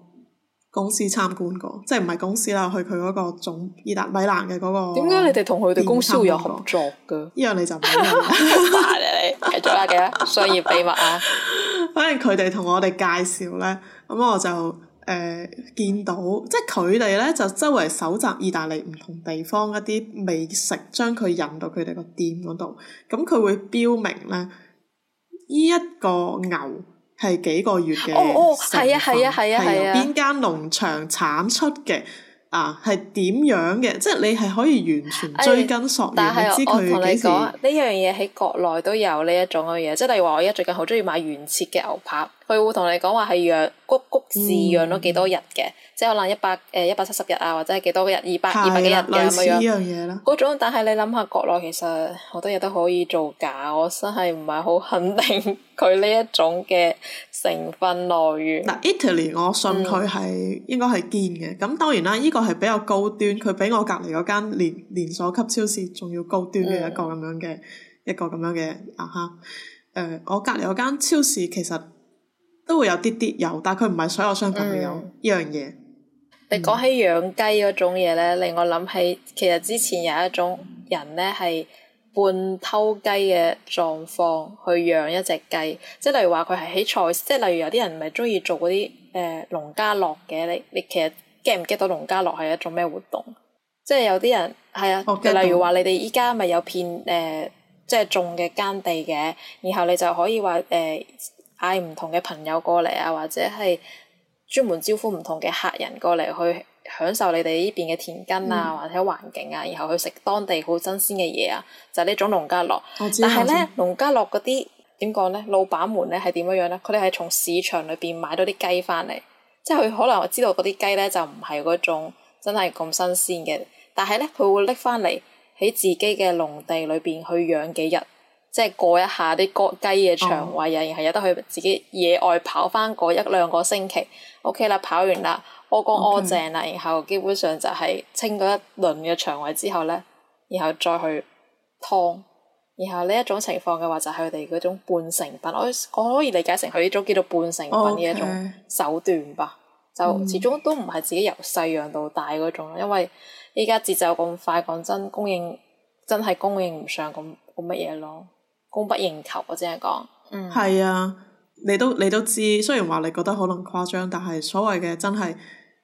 公司參觀過，即係唔係公司啦，去佢嗰個總意大利米蘭嘅嗰個。點解你哋同佢哋公司會有合作㗎？呢樣你就唔好問啦，你繼續啦，係商業秘密啊？反正佢哋同我哋介紹咧，咁我就。誒、呃、見到，即係佢哋咧就周圍搜集意大利唔同地方一啲美食，將佢引到佢哋個店嗰度，咁佢會標明咧，呢一個牛係幾個月嘅，成、哦哦、啊，係啊。邊、啊啊啊啊、間農場產出嘅。啊，係點樣嘅？即係你係可以完全追根溯源，唔、哎、知佢幾時呢樣嘢喺國內都有呢一種嘅嘢。即係例如話，我而家最近好中意買原切嘅牛扒，佢會同你講話係養谷谷飼養咗幾多日嘅。嗯即係可能一百誒一百七十日啊，或者係幾多日 200, 二百二百幾日嘅咁樣嗰種，但係你諗下國內其實好多嘢都可以造假，我真係唔係好肯定佢呢一種嘅成分來源。嗱，Italy 我信佢係、嗯、應該係堅嘅，咁當然啦，呢、呢個係比較高端，佢比我隔離嗰間連連鎖級超市仲要高端嘅一個咁樣嘅、嗯、一個咁樣嘅亞克。誒、啊呃，我隔離嗰間超市其實都會有啲啲有，但係佢唔係所有商品都有呢樣嘢。嗯你講起養雞嗰種嘢咧，令我諗起其實之前有一種人咧係半偷雞嘅狀況去養一隻雞，即係例如話佢係喺菜，即係例如有啲人唔係中意做嗰啲誒農家樂嘅，你你其實 get 唔 get 到農家樂係一種咩活動？即係有啲人係啊，例如話你哋依家咪有片誒、呃、即係種嘅耕地嘅，然後你就可以話誒嗌唔同嘅朋友過嚟啊，或者係。專門招呼唔同嘅客人過嚟去享受你哋呢邊嘅田根啊，嗯、或者環境啊，然後去食當地好新鮮嘅嘢啊，就係呢種農家樂。但係咧，農家樂嗰啲點講咧？老闆們咧係點樣樣咧？佢哋係從市場裏邊買到啲雞翻嚟，即係佢可能知道嗰啲雞咧就唔係嗰種真係咁新鮮嘅，但係咧佢會拎翻嚟喺自己嘅農地裏邊去養幾日。即係過一下啲哥雞嘅腸胃啊，oh. 然後有得去自己野外跑翻過一兩個星期，oh.，OK 啦，跑完啦，屙乾屙淨啦，Okay. 然後基本上就係清咗一輪嘅腸胃之後咧，然後再去劏，然後呢一種情況嘅話就係佢哋嗰種半成品，我我可以理解成佢呢種叫做半成品嘅一種手段吧，oh. Okay. 就始終都唔係自己由細養到大嗰種，oh. 嗯、因為依家節奏咁快，講真供應真係供應唔上咁咁乜嘢咯。供不應求，我只係講。嗯。係啊，你都你都知。雖然話你覺得可能誇張，但係所謂嘅真係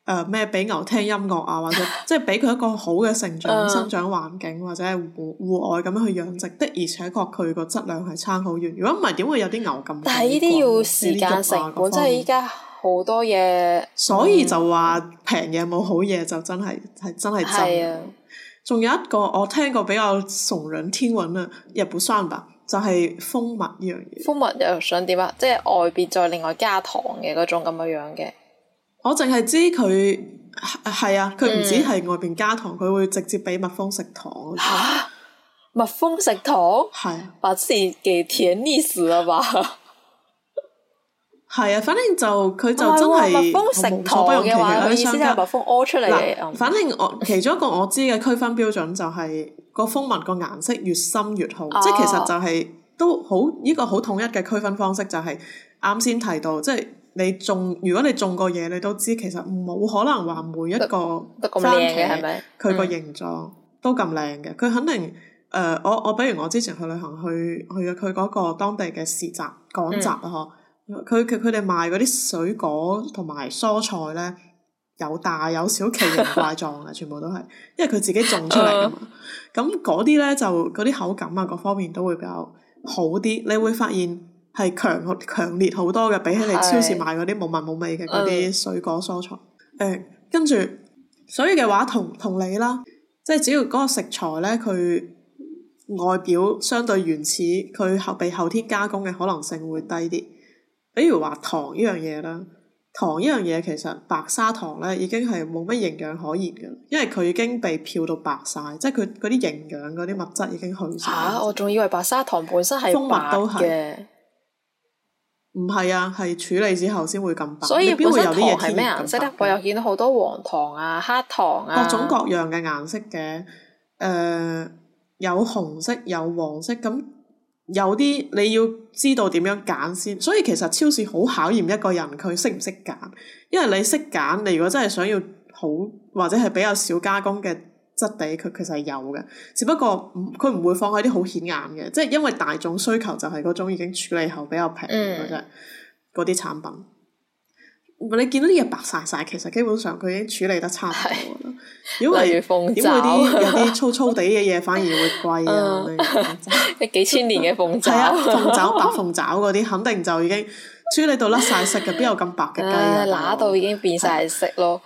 誒咩，俾、呃、牛聽音樂啊，或者即係俾佢一個好嘅成長、 生長環境，或者戶戶外咁樣去養殖，的而且確佢個質量係差好遠。如果唔係，點會有啲牛咁？但係呢啲要時間成本，即係依家好多嘢。所以就話平嘢冇好嘢，就真係係、嗯、真係真，是真。係啊。仲有一個我聽過比較聳人聽聞啊，日本算吧。就係蜂蜜呢樣嘢。蜂蜜又想點啊？即係外邊再另外加糖嘅嗰種咁嘅樣嘅。我淨係知佢係啊，佢唔止係外邊加糖，佢會直接俾蜜蜂食糖。嚇！蜜蜂食糖係把自己甜膩死啊？吧。係啊，反正就佢就真係蜜蜂食糖嘅話，意思係蜜蜂屙出嚟。嗱，反正我其中一個我知嘅區分標準就係。個蜂蜜，那個顏色越深越好，oh. 即係其實就係，是，都好呢個好統一嘅區分方式，就是，就係啱先提到，即係你種如果你種過嘢，你都知其實冇可能話每一個番茄係咪佢個形狀，嗯、都咁靚嘅，佢肯定誒、呃、我我比如我之前去旅行去去佢嗰個當地嘅市集，趕集啊呵，佢佢佢哋賣嗰啲水果同埋蔬菜咧。有大有小奇形怪狀嘅，全部都係，因為佢自己種出嚟嘅嘛。咁嗰啲咧就嗰啲口感啊，各方面都會比較好啲。你會發現係強強烈好多嘅，比起你超市買嗰啲冇聞冇味嘅嗰啲水果蔬菜。誒、 欸，跟住，所以嘅話同同你啦，即係只要嗰個食材咧，佢外表相對原始，佢後被後天加工嘅可能性會低啲。比如話糖呢樣嘢啦。糖呢樣嘢其實白砂糖咧已經係冇乜營養可言嘅，因為佢已經被漂到白晒，即係佢嗰啲營養嗰啲物質已經去晒。嚇、啊！我仲以為白砂糖本身係白嘅，唔係啊，係處理之後先會咁白。所以邊會有啲嘢係咩顏色咧？我又見到好多黃糖啊、黑糖啊，各種各樣嘅顏色嘅，誒、呃、有紅色、有黃色咁。有啲你要知道點樣揀先，所以其實超市好考驗一個人佢識唔識揀。因為你識揀，你如果真係想要好或者係比較少加工嘅質地，佢其實係有嘅。只不過佢唔會放喺啲好顯眼嘅，即係因為大眾需求就係嗰種已經處理後比較平嗰隻嗰啲產品。你見到啲嘢白晒晒，其實基本上佢已經處理得差唔多。如果係鳳爪啲有啲粗粗地嘅嘢，反而會貴啊！即幾千年嘅鳳爪，鳳爪白鳳爪嗰啲，肯定就已經處理到甩晒色嘅，邊有咁白嘅雞啊？揦到已經變晒色咯！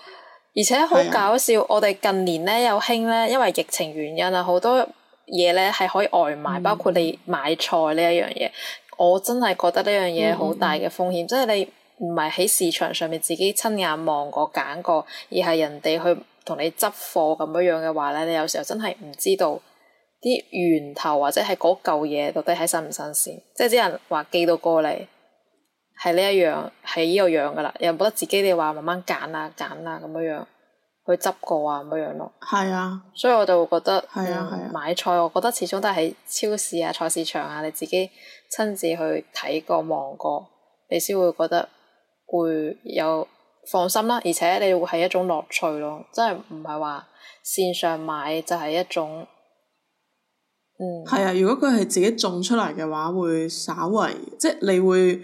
而且好搞笑，我哋近年咧又興咧，因為疫情原因啊，好多嘢咧係可以外賣，包括你買菜呢一樣嘢，我真係覺得呢樣嘢好大嘅風險，即係你。唔係喺市場上面自己親眼望過揀過，而係人哋去同你執貨咁樣樣嘅話咧，你有時候真係唔知道啲源頭或者係嗰嚿嘢到底係新唔新鮮，即係啲人話寄到過嚟係呢一樣係呢個樣噶啦，又冇得自己你話慢慢揀啊揀啊咁樣樣去執過啊咁樣咯。係啊，啊啊所以我就會覺得，係啊，買菜，我覺得始終都係喺超市啊、菜市場啊，你自己親自去睇過望過，過，你先會覺得。會有放心啦，而且你會係一種樂趣咯，即係唔係話線上買就係一種，嗯，係啊。如果佢係自己種出嚟嘅話，會稍為即係你會，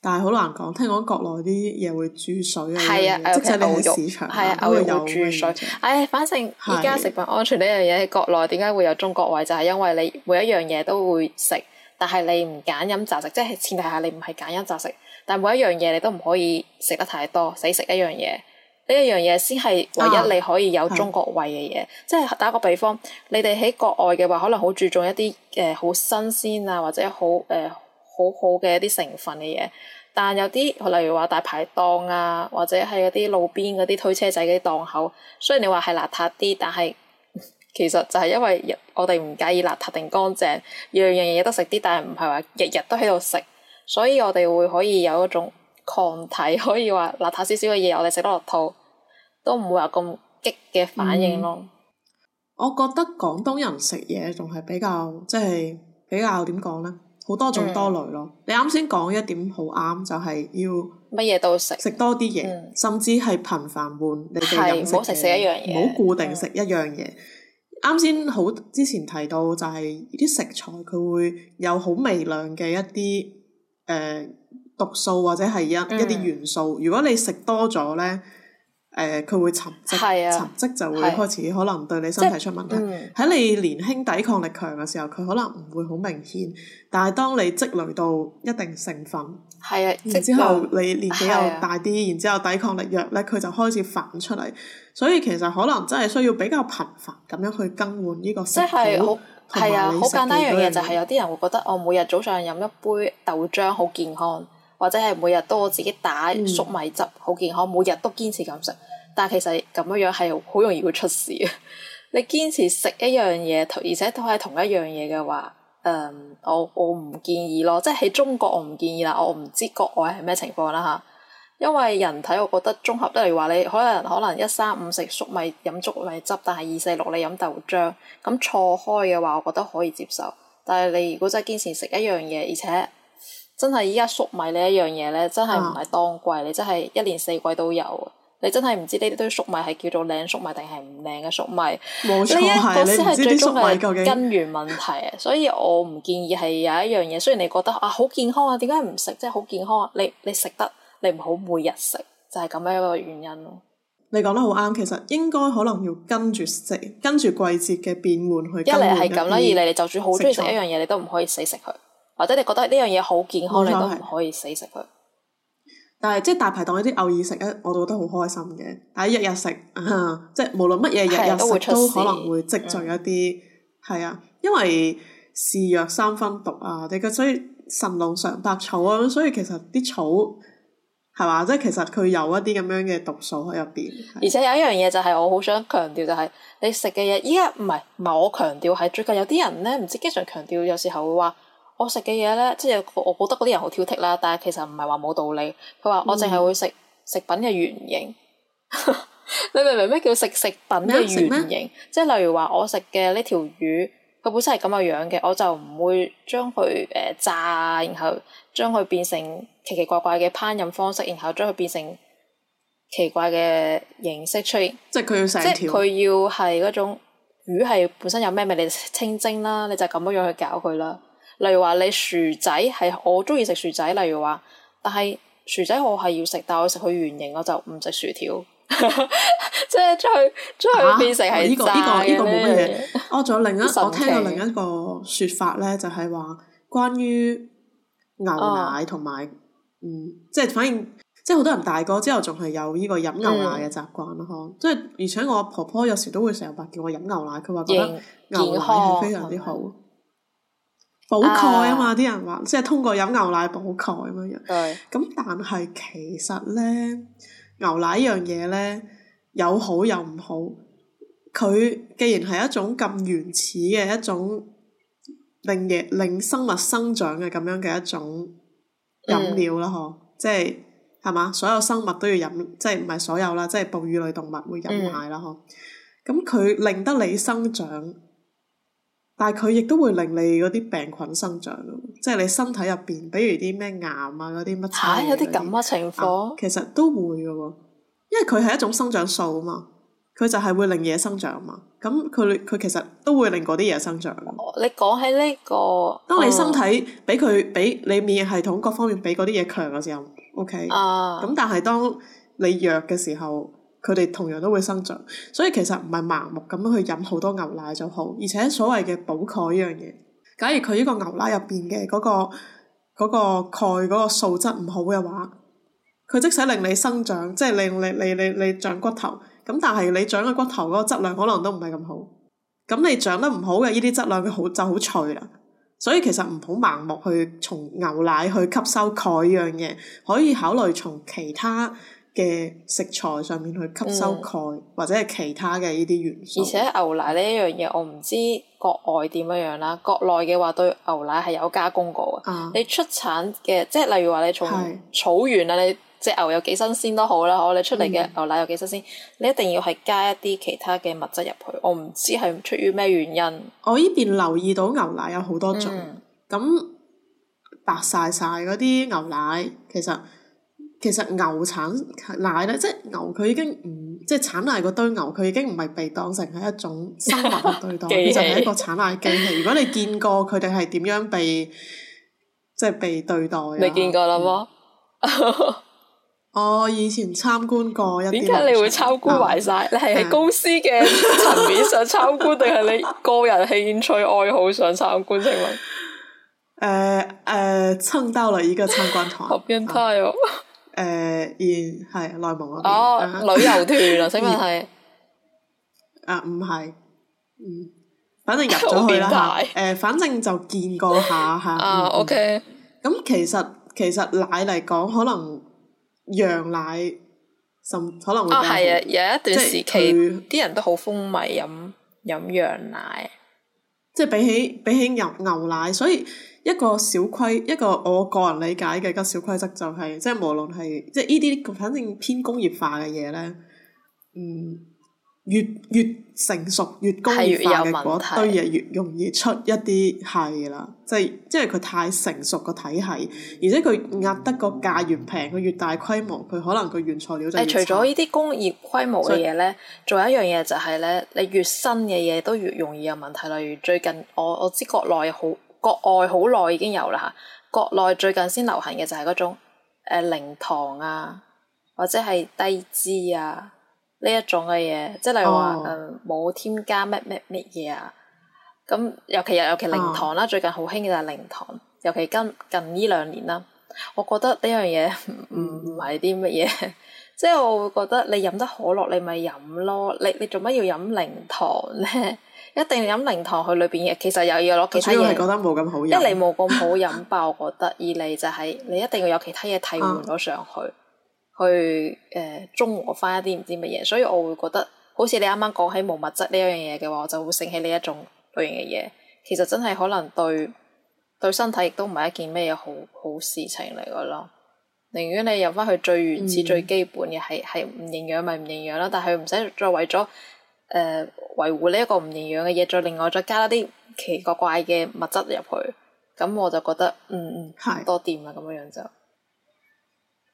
但係好難講。聽講國內啲嘢會注水啊，即係、啊 okay, 牛肉，係啊，牛肉會注水。唉、哎，反正而家食品安全呢樣嘢喺國內點解會有中國胃？啊、就係因為你每一樣嘢都會食，但係你唔揀飲擇食，即係前提下你唔係揀飲擇食。但每一樣嘢你都唔可以食得太多，死食一樣嘢，呢一樣嘢先係唯一你可以有中國胃嘅嘢。啊、即係打個比方，你哋喺國外嘅話，可能好注重一啲誒好新鮮啊，或者、呃、好誒好好嘅一啲成分嘅嘢。但有啲例如話大排檔啊，或者係嗰啲路邊嗰啲推車仔嗰啲檔口，雖然你話係邋遢啲，但係其實就係因為我哋唔介意邋遢定乾淨，樣樣嘢都食啲，但係唔係話日日都喺度食。所以我哋會可以有一種抗體，可以話邋遢少少嘅嘢，我哋食得落肚，都唔會話咁激嘅反應咯、嗯。我覺得廣東人食嘢仲係比較即係、就是、比較點講呢？好多種多類咯。嗯、你啱先講一點好啱，就係、是、要乜嘢都食食多啲嘢，嗯、甚至係頻繁換你哋飲食是食食一樣嘢，唔好固定食一樣嘢。啱先對好之前提到就係啲食材，佢會有好微量嘅一啲。誒、呃、毒素或者係一一啲元素，嗯、如果你食多咗咧，誒、呃、佢會沉積，是啊、沉積就會開始可能對你身體是、啊、出問題。喺是、啊、你年輕抵抗力強嘅時候，佢可能唔會好明顯，但係當你積累到一定成分，係是啊，然之後你年紀又大啲，是啊、然之後抵抗力弱咧，佢就開始反出嚟。所以其實可能真係需要比較頻繁咁樣去更換呢個食品。係啊，好簡單一樣嘢就係有啲人會覺得我每日早上飲一杯豆漿好健康，或者係每日都我自己打粟米汁好健康，嗯、每日都堅持咁食。但係其實咁樣樣係好容易會出事啊！ 你堅持食一樣嘢，而且都係同一樣嘢嘅話，誒、嗯，我我唔建議咯。即係喺中國我唔建議啦，我唔知國外係咩情況啦嚇。因為人體，我覺得綜合得嚟話，你可能可能一三五食粟米飲粟米汁，但係二四六你飲豆漿咁錯開嘅話，我覺得可以接受。但係你如果真係堅持食一樣嘢，而且真係依家粟米呢一樣嘢咧，真係唔係當季，啊、你真係一年四季都有，你真係唔知呢啲粟米係叫做靚粟米定係唔靚嘅粟米。粟米冇錯，所以係最終，你唔知粟米究竟根源問題啊！所以我唔建議係有一樣嘢。雖然你覺得啊好健康啊，點解唔食？真係好健康啊！你你食得。你唔好每日食，就係咁樣一個原因咯。你講得好啱，其實應該可能要跟住食，跟住季節嘅變換去換一。一嚟係咁啦，二嚟你，你就算好中意食一樣嘢，你都唔可以死食佢，或者你覺得呢樣嘢好健康，錯你都唔可以死食佢。但係即係大排檔啲偶爾食，我都覺得好開心嘅。但係日日食，即、啊、係、就是、無論乜嘢日日都食都可能會積聚一啲係啊，因為是藥三分毒啊，你個所以神農嘗百草啊，所以其實啲草。係嘛？即係其實佢有一啲咁樣嘅毒素喺入邊。而且有一樣嘢就係我好想強調就係你食嘅嘢，依家唔係唔係我強調係最近有啲人咧，唔知經常強調，有時候會話我食嘅嘢咧，即係我覺得嗰啲人好挑剔啦。但係其實唔係話冇道理。佢話我淨係會食、嗯、食品嘅原型。 你明唔明咩叫食食品嘅原型？即係例如話我食嘅呢條魚，佢本身係咁嘅樣嘅，我就唔會將佢誒、呃、炸然後。將佢變成奇奇怪怪嘅烹飪方式，然後將佢變成奇怪嘅形式出現。即係佢要成條。佢要係嗰種魚係本身有咩味，你清蒸啦，你就咁樣樣去搞佢啦。例如話你薯仔係我中意食薯仔，例如話，但係薯仔我係要食，但係我食佢原形我就唔食薯條。 即係將佢將佢變成係炸嘅。呢個呢個呢個冇乜嘢。我仲有另一奇我聽到另一個説法咧，就係話關於。牛奶同埋，oh. 嗯，即係，反正，即係好多人大個之後，仲係有呢個飲牛奶嘅習慣咯。嗬，即係，而且我婆婆有時都會成日話叫我飲牛奶，佢話覺得牛奶係非常之好，補鈣啊嘛，啲、啊、人話，即係通過飲牛奶補鈣咁樣樣。咁對 但係其實咧，牛奶呢樣嘢咧，有好有唔好。佢既然係一種咁原始嘅一種。令嘢令生物生長嘅咁樣嘅一種飲料啦，嗬、嗯，即係係嘛，所有生物都要飲，即係唔係所有啦，即係哺乳類動物會飲奶啦，嗬、嗯。咁佢令得你生長，但係佢亦都會令你嗰啲病菌生長，即係你身體入邊，比如啲咩癌啊嗰啲乜。嚇、啊啊！有啲咁嘅情況、啊？其實都會嘅喎，因為佢係一種生長素啊嘛，佢就係會令嘢生長嘛。咁佢佢其實都會令嗰啲嘢生長。你講起呢個，當你身體俾佢俾你免疫系統各方面俾嗰啲嘢強嘅時候，OK。咁、okay? 啊、但係當你弱嘅時候，佢哋同樣都會生長。所以其實唔係盲目咁去飲好多牛奶就好。而且所謂嘅補鈣呢樣嘢，假如佢呢個牛奶入邊嘅嗰個嗰、嗰個鈣嗰個素質唔好嘅話，佢即使令你生長，即係令你你你你，你，你長骨頭。咁但係你長嘅骨頭嗰個質量可能都唔係咁好，咁你長得唔好嘅呢啲質量好就好脆啦。所以其實唔好盲目去從牛奶去吸收鈣呢樣嘢，可以考慮從其他嘅食材上面去吸收鈣、嗯、或者係其他嘅呢啲元素。而且牛奶呢一樣嘢，我唔知國外點樣樣啦，國內嘅話對牛奶係有加工過嘅。啊、你出產嘅，即係例如話你從草原啊，你。即牛有幾新鮮都好啦，我哋出嚟嘅牛奶有幾新鮮？嗯、你一定要係加一啲其他嘅物質入去。我唔知係出於咩原因。我依邊留意到牛奶有好多種咁、嗯、白晒晒嗰啲牛奶，其實其實牛產奶咧，即係牛佢已經唔即係產奶嗰堆牛，佢已經唔係被當成係一種生物嘅對待， 起就係一個產奶機器。如果你見過佢哋係點樣被即係被對待，你見過啦噃。 我以前參觀過一啲點解你會參觀埋晒？Uh, uh, 你係喺公司嘅層面上參觀，定係 你個人興趣愛好上參觀成？請問？誒誒，蹭到了一個參觀團。好變態哦！誒，然係內蒙嗰邊哦，uh, uh. 旅遊團啊？請問係？啊，唔係。嗯。反正入咗去啦嚇。 態 uh, 反正就見過下嚇。啊，uh, OK，嗯。咁其實其實奶嚟講，可能。羊奶，甚可能會比較。哦，係啊，有一段時期啲它人都好風靡飲飲羊奶，即係比起比起飲牛牛奶，所以一個小規一個我個人理解嘅一個小規則就係，即係無論係即係呢啲反正偏工業化嘅嘢咧，嗯。越越成熟越高，越，越有問題，嗰堆嘢越容易出一啲係啦，即係因為佢太成熟個體系，而且佢壓得個價越平，佢越大規模，佢可能佢原材料就誒、欸、除咗呢啲工業規模嘅嘢咧，仲有一樣嘢就係、是、咧，你越新嘅嘢都越容易有問題，例如最近我我知國內好國外好耐已經有啦，嚇國內最近先流行嘅就係嗰種誒、呃、零糖啊，或者係低脂啊。呢一種嘅嘢，即係例如話誒冇添加乜乜乜嘢啊，咁尤其尤其零糖啦，最近好興嘅就係零糖，尤其近近呢兩年啦、啊，我覺得呢樣嘢唔唔唔係啲乜嘢， 即係我會覺得你飲得可樂，你咪飲咯，你你做乜要飲零糖咧？一定要飲零糖，去裏邊嘅。其實又要攞其他嘢。主要係覺得冇咁好飲。一嚟冇咁好飲吧， 我覺得以、就係；二嚟就係你一定要有其他嘢替換咗上去。嗯.去誒、呃、中和翻一啲唔知乜嘢，所以我會覺得好似你啱啱講起冇物質呢一樣嘢嘅話，我就會醒起呢一種類型嘅嘢。其實真係可能對對身體亦都唔係一件咩嘢好好事情嚟嘅咯。寧願你入翻去最原始、嗯、最基本嘅係係唔營養咪唔營養啦，但係唔使再為咗誒維護呢一個唔營養嘅嘢，再另外再加一啲奇奇怪怪嘅物質入去。咁我就覺得嗯嗯多掂啦咁樣樣就。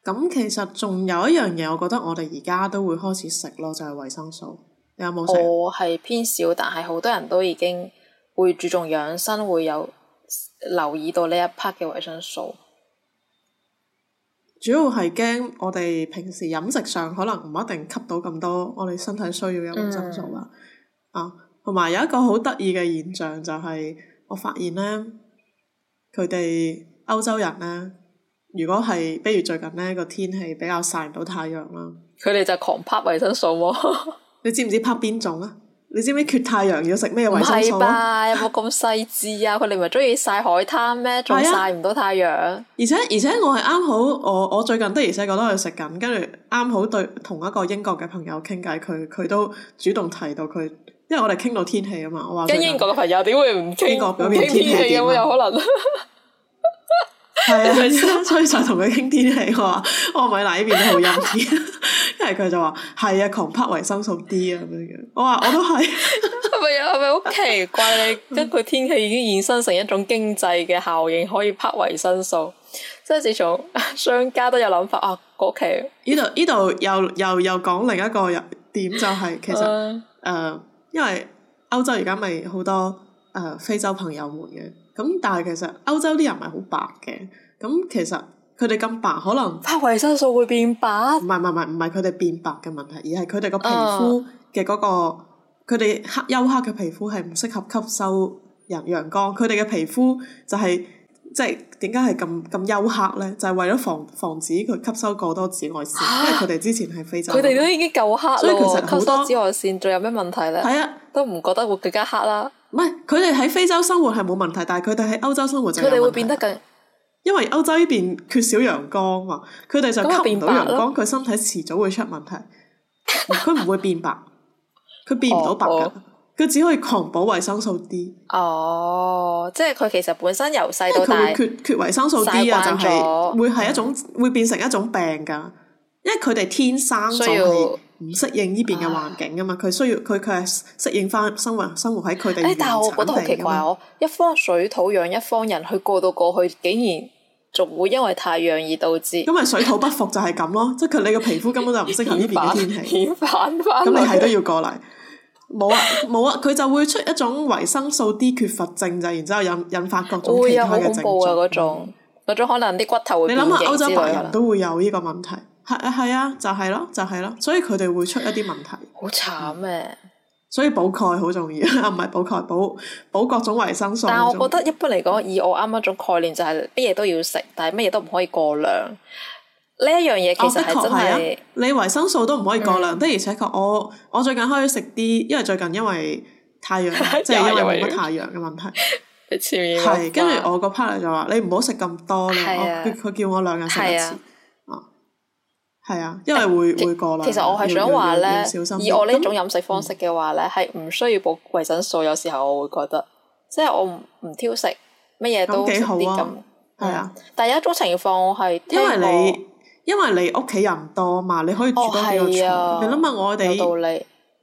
咁其實仲有一樣嘢，我覺得我哋而家都會開始食咯，就係維生素。有冇？我係偏少，但係好多人都已經會注重養生，會有留意到呢一 part 嘅維生素。主要係驚我哋平時飲食上可能唔一定吸到咁多，我哋身體需要嘅維生素啦。同埋、嗯啊、有一個好得意嘅現象就係，我發現呢，佢哋歐洲人呢。如果係，比如最近呢個天氣比較曬唔到太陽啦，佢哋就狂拍維生素喎、啊。 你知唔知拍邊種啊？你知唔知缺太陽要食咩維生素啊？唔係吧？有冇咁細緻啊？佢哋唔係中意曬海灘咩？仲曬唔到太陽。啊、而且而且我係啱好，我我最近的而細個都係食緊，跟住啱好對同一個英國嘅朋友傾偈，佢佢都主動提到佢，因為我哋傾到天氣啊嘛，我話，跟英國嘅朋友點會唔傾傾天氣啊？有冇有可能、啊？ 係 啊，所以就同佢傾天氣。 我話：我唔係嗱依邊都好陰天。 因為佢就話：係啊，狂拍維生素 D 啊咁樣嘅。我話：我都係，係咪啊？係咪好奇怪？怪你根據天氣已經衍生成一種經濟嘅效應，可以拍維生素，即係自從商家都有諗法啊。嗰期呢度呢度又又又，又講另一個點就係、是、其實誒， 呃、因為歐洲而家咪好多誒、呃、非洲朋友們嘅。咁但係其實歐洲啲人唔係好白嘅，咁其實佢哋咁白可能、啊，吸維生素會變白。唔係唔係唔係，唔係佢哋變白嘅問題，而係佢哋個皮膚嘅嗰、那個，佢哋、啊、黑黝黑嘅皮膚係唔適合吸收人陽光，佢哋嘅皮膚就係即係點解係咁咁黝黑咧？就係、是就是、為咗、就是、防防止佢吸收過多紫外線，啊、因為佢哋之前喺非洲，佢哋都已經夠黑，所以其實咯，吸多紫外線仲有咩問題咧？係啊，都唔覺得會更加黑啦。唔係，佢哋喺非洲生活係冇問題，但係佢哋喺歐洲生活就佢哋會變得更，因為歐洲呢邊缺少陽光嘛，佢哋就吸唔到陽光，佢身體遲早會出問題，佢、嗯、唔會變白，佢 變唔到白噶，佢、oh, oh. 只可以狂補維生素 D。哦，oh, 即係佢其實本身由細到大會缺缺維生素 D 啊，就係會係一種 yeah. 會變成一種病噶，因為佢哋天生就係。唔適應呢邊嘅環境啊嘛，佢需要佢，佢係適應翻生活生活喺佢哋原產地，但我覺得好奇怪哦，我一方水土養一方人，去過到過去，竟然仲會因為太陽而導致，因為咪水土不服就係咁咯， 即係佢，你嘅皮膚根本就唔適合呢邊嘅天氣。咁你係都要過嚟？冇啊冇啊。佢、啊、就會出一種維生素 D 缺乏症就，然之後引引發各種其他嘅症狀。嗰 種、種可能啲骨頭會變，你諗下歐洲人都會有呢個問題。 係啊，係啊，就係咯，就係咯，所以佢哋會出一啲問題。好慘誒！所以補鈣好重要啊，唔係補鈣，補補各種維生素。但我覺得一般嚟講，以我啱啱種概念就係，乜嘢都要食，但係乜嘢都唔可以過量。呢一樣嘢其實係、哦、真係、啊，你維生素都唔可以過量。的、嗯、而且確，我我最近開始食啲，因為最近因為太陽， 即係因為冇乜太陽嘅問題，係， 跟住我嗰 partner 就話， 你唔好食咁多啦。佢佢、啊、叫我兩日食一次。 係啊，因為會會過啦。其實我係想話咧，以我呢種飲食方式嘅話咧，係唔需要補維生素。有時候我會覺得，即係我唔唔挑食，乜嘢都幾好。咁。係啊，但有一種情況我係因為你因為你屋企人多嘛，你可以煮得比較全，你諗下我哋，有道理，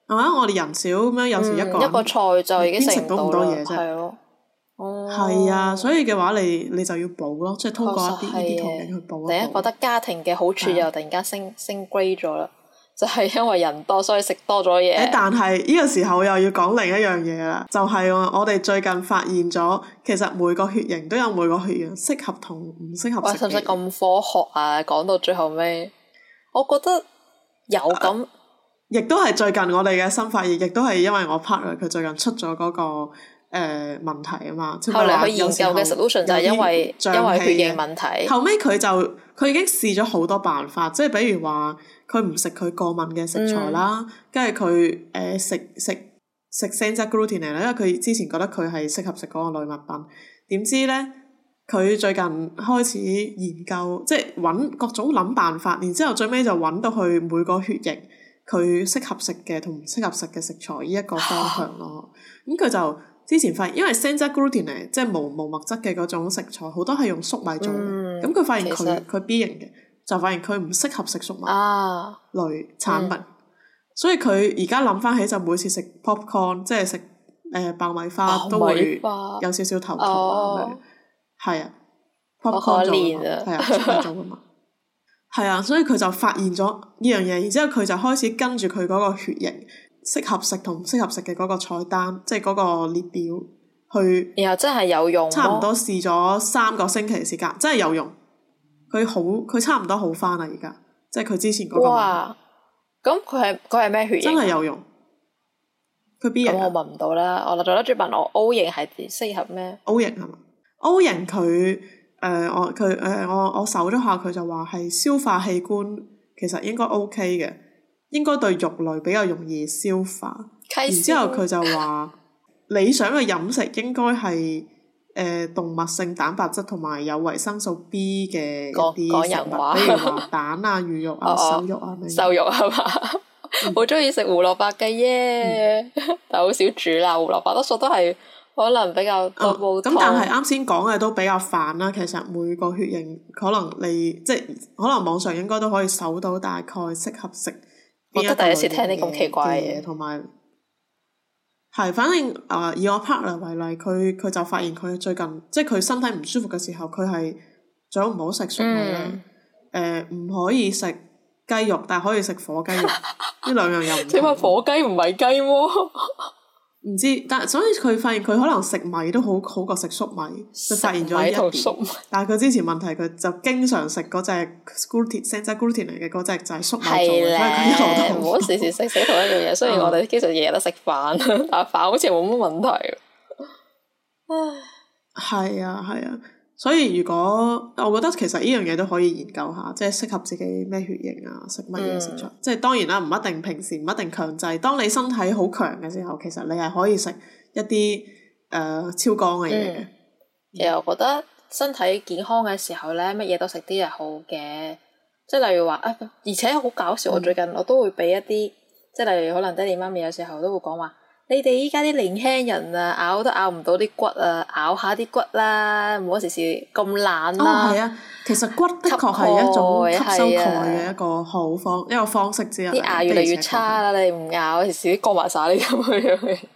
係嘛？我哋人少咁樣，有時一個一個菜就已經食到咁多嘢啫。係、嗯、啊，所以嘅話你，你你就要補咯，即、就、係、是、通過一啲呢啲途徑去補一補。第一覺得家庭嘅好處又突然間升、嗯、升 grade 咗啦，就係、是、因為人多，所以食多咗嘢、欸。但係呢、這個時候又要講另一樣嘢啦，就係、是、我哋最近發現咗，其實每個血型都有每個血型適合同唔適合食嘅。使唔使咁科學啊？講到最後尾，我覺得有咁，亦、啊、都係最近我哋嘅新發現，亦都係因為我 partner 佢最近出咗嗰、那個。誒、呃、問題啊嘛，後嚟研究嘅 solution 就係因為因為血型，後尾佢就佢已經試咗好多辦法，即係、嗯、比如話佢唔食佢過敏嘅食材啦，跟住佢誒食食食 sans gluten、er、嘅啦，因為佢之前覺得佢係適合食嗰個類物品，點知咧佢最近開始研究，即係揾各種諗辦法，然之後最尾就揾到佢每個血型，佢適合食嘅同唔適合食嘅食材呢一個方向咯，咁佢就。之前發現，因為麩質 gluten 咧，ine, 即係無毛物質嘅嗰種食材，好多係用粟米做。咁佢、嗯、發現佢佢其實 B 型嘅，就發現佢唔適合食粟米類、啊、產品。嗯、所以佢而家諗翻起就每次食 popcorn，即係食誒爆米花,爆米花都會有少少頭痛。係啊，popcorn 做啊，粟米做噶嘛。係啊、嗯，所以佢就發現咗呢樣嘢，然之後佢就開始跟住佢嗰個血液。適合食同唔適合食嘅嗰個菜單，即係嗰個列表去。然後真係有用。差唔多試咗三個星期嘅時間，真係有用。佢好佢差唔多好翻啦，而家即係佢之前嗰個。哇！咁佢係佢係咩血型？真係有用。佢 B 型。我問唔到啦。我仲諗住問，我，問我 O 型係適合咩？O 型係嘛？O 型佢誒、呃呃呃、我佢誒我我搜咗下佢就話係消化器官其實應該 O K 嘅。應該對肉類比較容易消化，然之後佢就話理想嘅飲食應該係誒動物性蛋白質同埋有維生素 B 嘅嗰啲食物，比如話蛋啊、魚肉啊、瘦肉啊。瘦肉係嘛？好中意食胡蘿蔔嘅耶，但好少煮啦。胡蘿蔔多數都係可能比較。咁但係啱先講嘅都比較泛啦。其實每個血型可能你即係可能網上應該都可以搜到大概適合食。我覺得第一次聽啲咁奇怪嘅嘢，同埋係，反正誒、呃、以我 partner 為例，佢佢就發現佢最近即係佢身體唔舒服嘅時候，佢係最好唔好食酸嘅，誒、嗯呃、唔可以食雞肉，但係可以食火雞肉，呢 兩樣又唔同。即係話火雞唔係雞喎。 唔知，但所以佢發現佢可能食米都好好過食粟米，就發現咗一米粟米。但係佢之前問題，佢就經常食嗰隻 gluten，即係 gluten 嚟嘅嗰隻就係粟米做嘅的。係咧。唔好時時食食同一樣嘢，雖然我哋經常日日都食飯， 但係飯好似冇乜問題。唉。係啊，係啊。所以如果我覺得其實呢樣嘢都可以研究下，即係適合自己咩血型啊，食乜嘢食材，嗯、即係當然啦，唔一定平時唔一定強制。當你身體好強嘅時候，其實你係可以食一啲誒、呃、超乾嘅嘢嘅。其實我覺得身體健康嘅時候咧，乜嘢都食啲係好嘅，即係例如話啊，而且好搞笑，嗯、我最近我都會俾一啲，即係例如可能爹哋媽咪有時候都會講話。你哋而家啲年輕人啊，咬都咬唔到啲骨啊，咬下啲骨啦，唔好時時咁懶啦。啊、哦，係啊，其實骨的確係一種吸收鈣嘅一個好方、啊、一個方式之一。啲牙越嚟越差啦， 你唔咬時時都割埋晒，你咁樣去。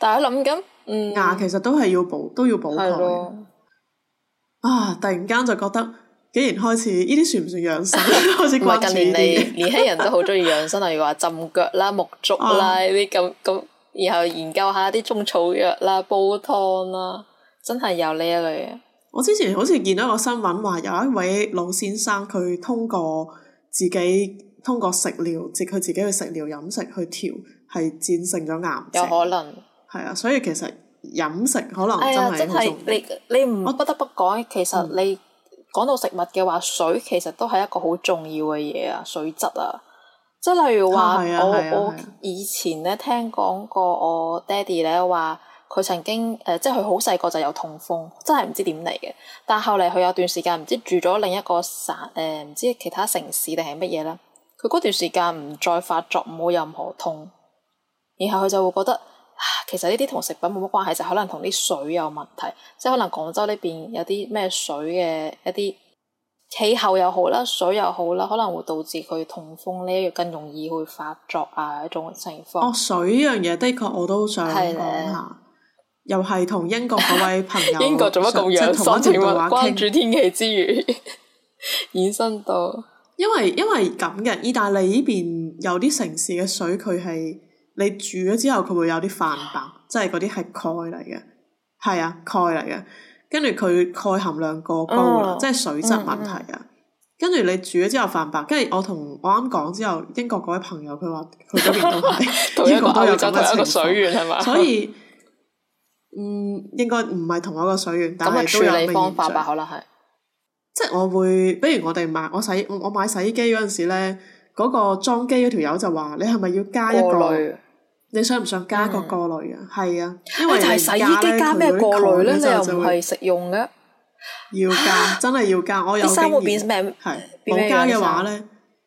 但係我諗緊，牙其實都係要補，都要補鈣。的啊！突然間就覺得。竟然開始，呢啲算唔算養生？唔 係近年，年年輕人都好中意養生，例如話浸腳啦、沐足啦啲咁咁，然後研究下啲中草藥啦、煲湯啦，真係有呢一類嘢。我之前好似見到一個新聞，話有一位老先生，佢通過自己通過食療，即佢自己去食療飲食去調，係戰勝咗癌症。有可能。係啊，所以其實飲食可能真係嗰、哎呀哎、你你唔不，不得不講，其實你。嗯。講到食物嘅話，水其實都係一個好重要嘅嘢啊，水質啊，即係例如話、oh, yes, yes, yes, yes. 我我以前咧聽講過我爹哋咧話佢曾經誒、呃、即係佢好細個就有痛風，真係唔知點嚟嘅。但係後嚟佢有段時間唔知住咗另一個省誒唔知其他城市定係乜嘢啦，佢嗰段時間唔再發作，冇任何痛，然後佢就會覺得。其實呢啲同食品冇乜關係，就可能同啲水有問題，即係可能廣州呢邊有啲咩水嘅一啲氣候又好啦，水又好啦，可能會導致佢痛風呢樣更容易去發作啊，一種情況。哦，水呢樣嘢的確我都想講下，又係同英國嗰位朋友， 英國做乜咁養生？同我哋話，關注天氣之餘，延伸到，因為因為咁嘅，意大利呢邊有啲城市嘅水佢係。你煮咗之後佢會有啲泛白，即係嗰啲係鈣嚟嘅，係啊鈣嚟嘅，跟住佢鈣含量過高啦，嗯、即係水質問題啊。跟住、嗯、你煮咗之後泛白，跟住我同我啱講之後，英國嗰位朋友佢話佢嗰邊都係，英 個都有咁嘅情況， 所以嗯應該唔係同一個水源，但係處理方法吧可能係，即係我會，比如我哋買我洗我買洗衣機嗰陣時咧。嗰個裝機嗰條友就話：你係咪要加一個？你想唔想加個過濾嘅？係啊，因為洗衣機加咩過濾咧，你又唔係食用嘅。要加，真係要加。我有經驗。啲衫會變咩？冇加嘅話咧，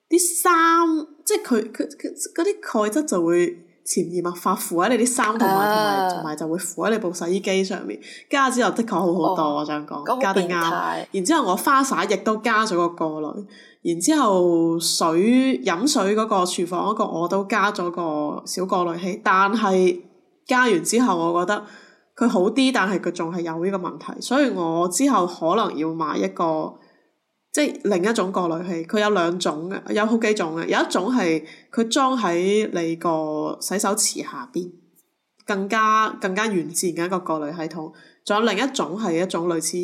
啲衫即係佢佢佢嗰啲鈣質就會潛移默化附喺你啲衫同埋同埋同埋就會附喺你部洗衣機上面。加之後的確好好多，我想講加得啱。然之後我花灑亦都加咗個過濾。然之後水，飲水飲水嗰個廚房嗰、嗰個我都加咗個小過濾器，但係加完之後，我覺得佢好啲，但係佢仲係有呢個問題，所以我之後可能要買一個即係另一種過濾器。佢有兩種嘅，有好幾種嘅，有一種係佢裝喺你個洗手池下邊，更加更加原自然嘅一個過濾系統。仲有另一種係一種類似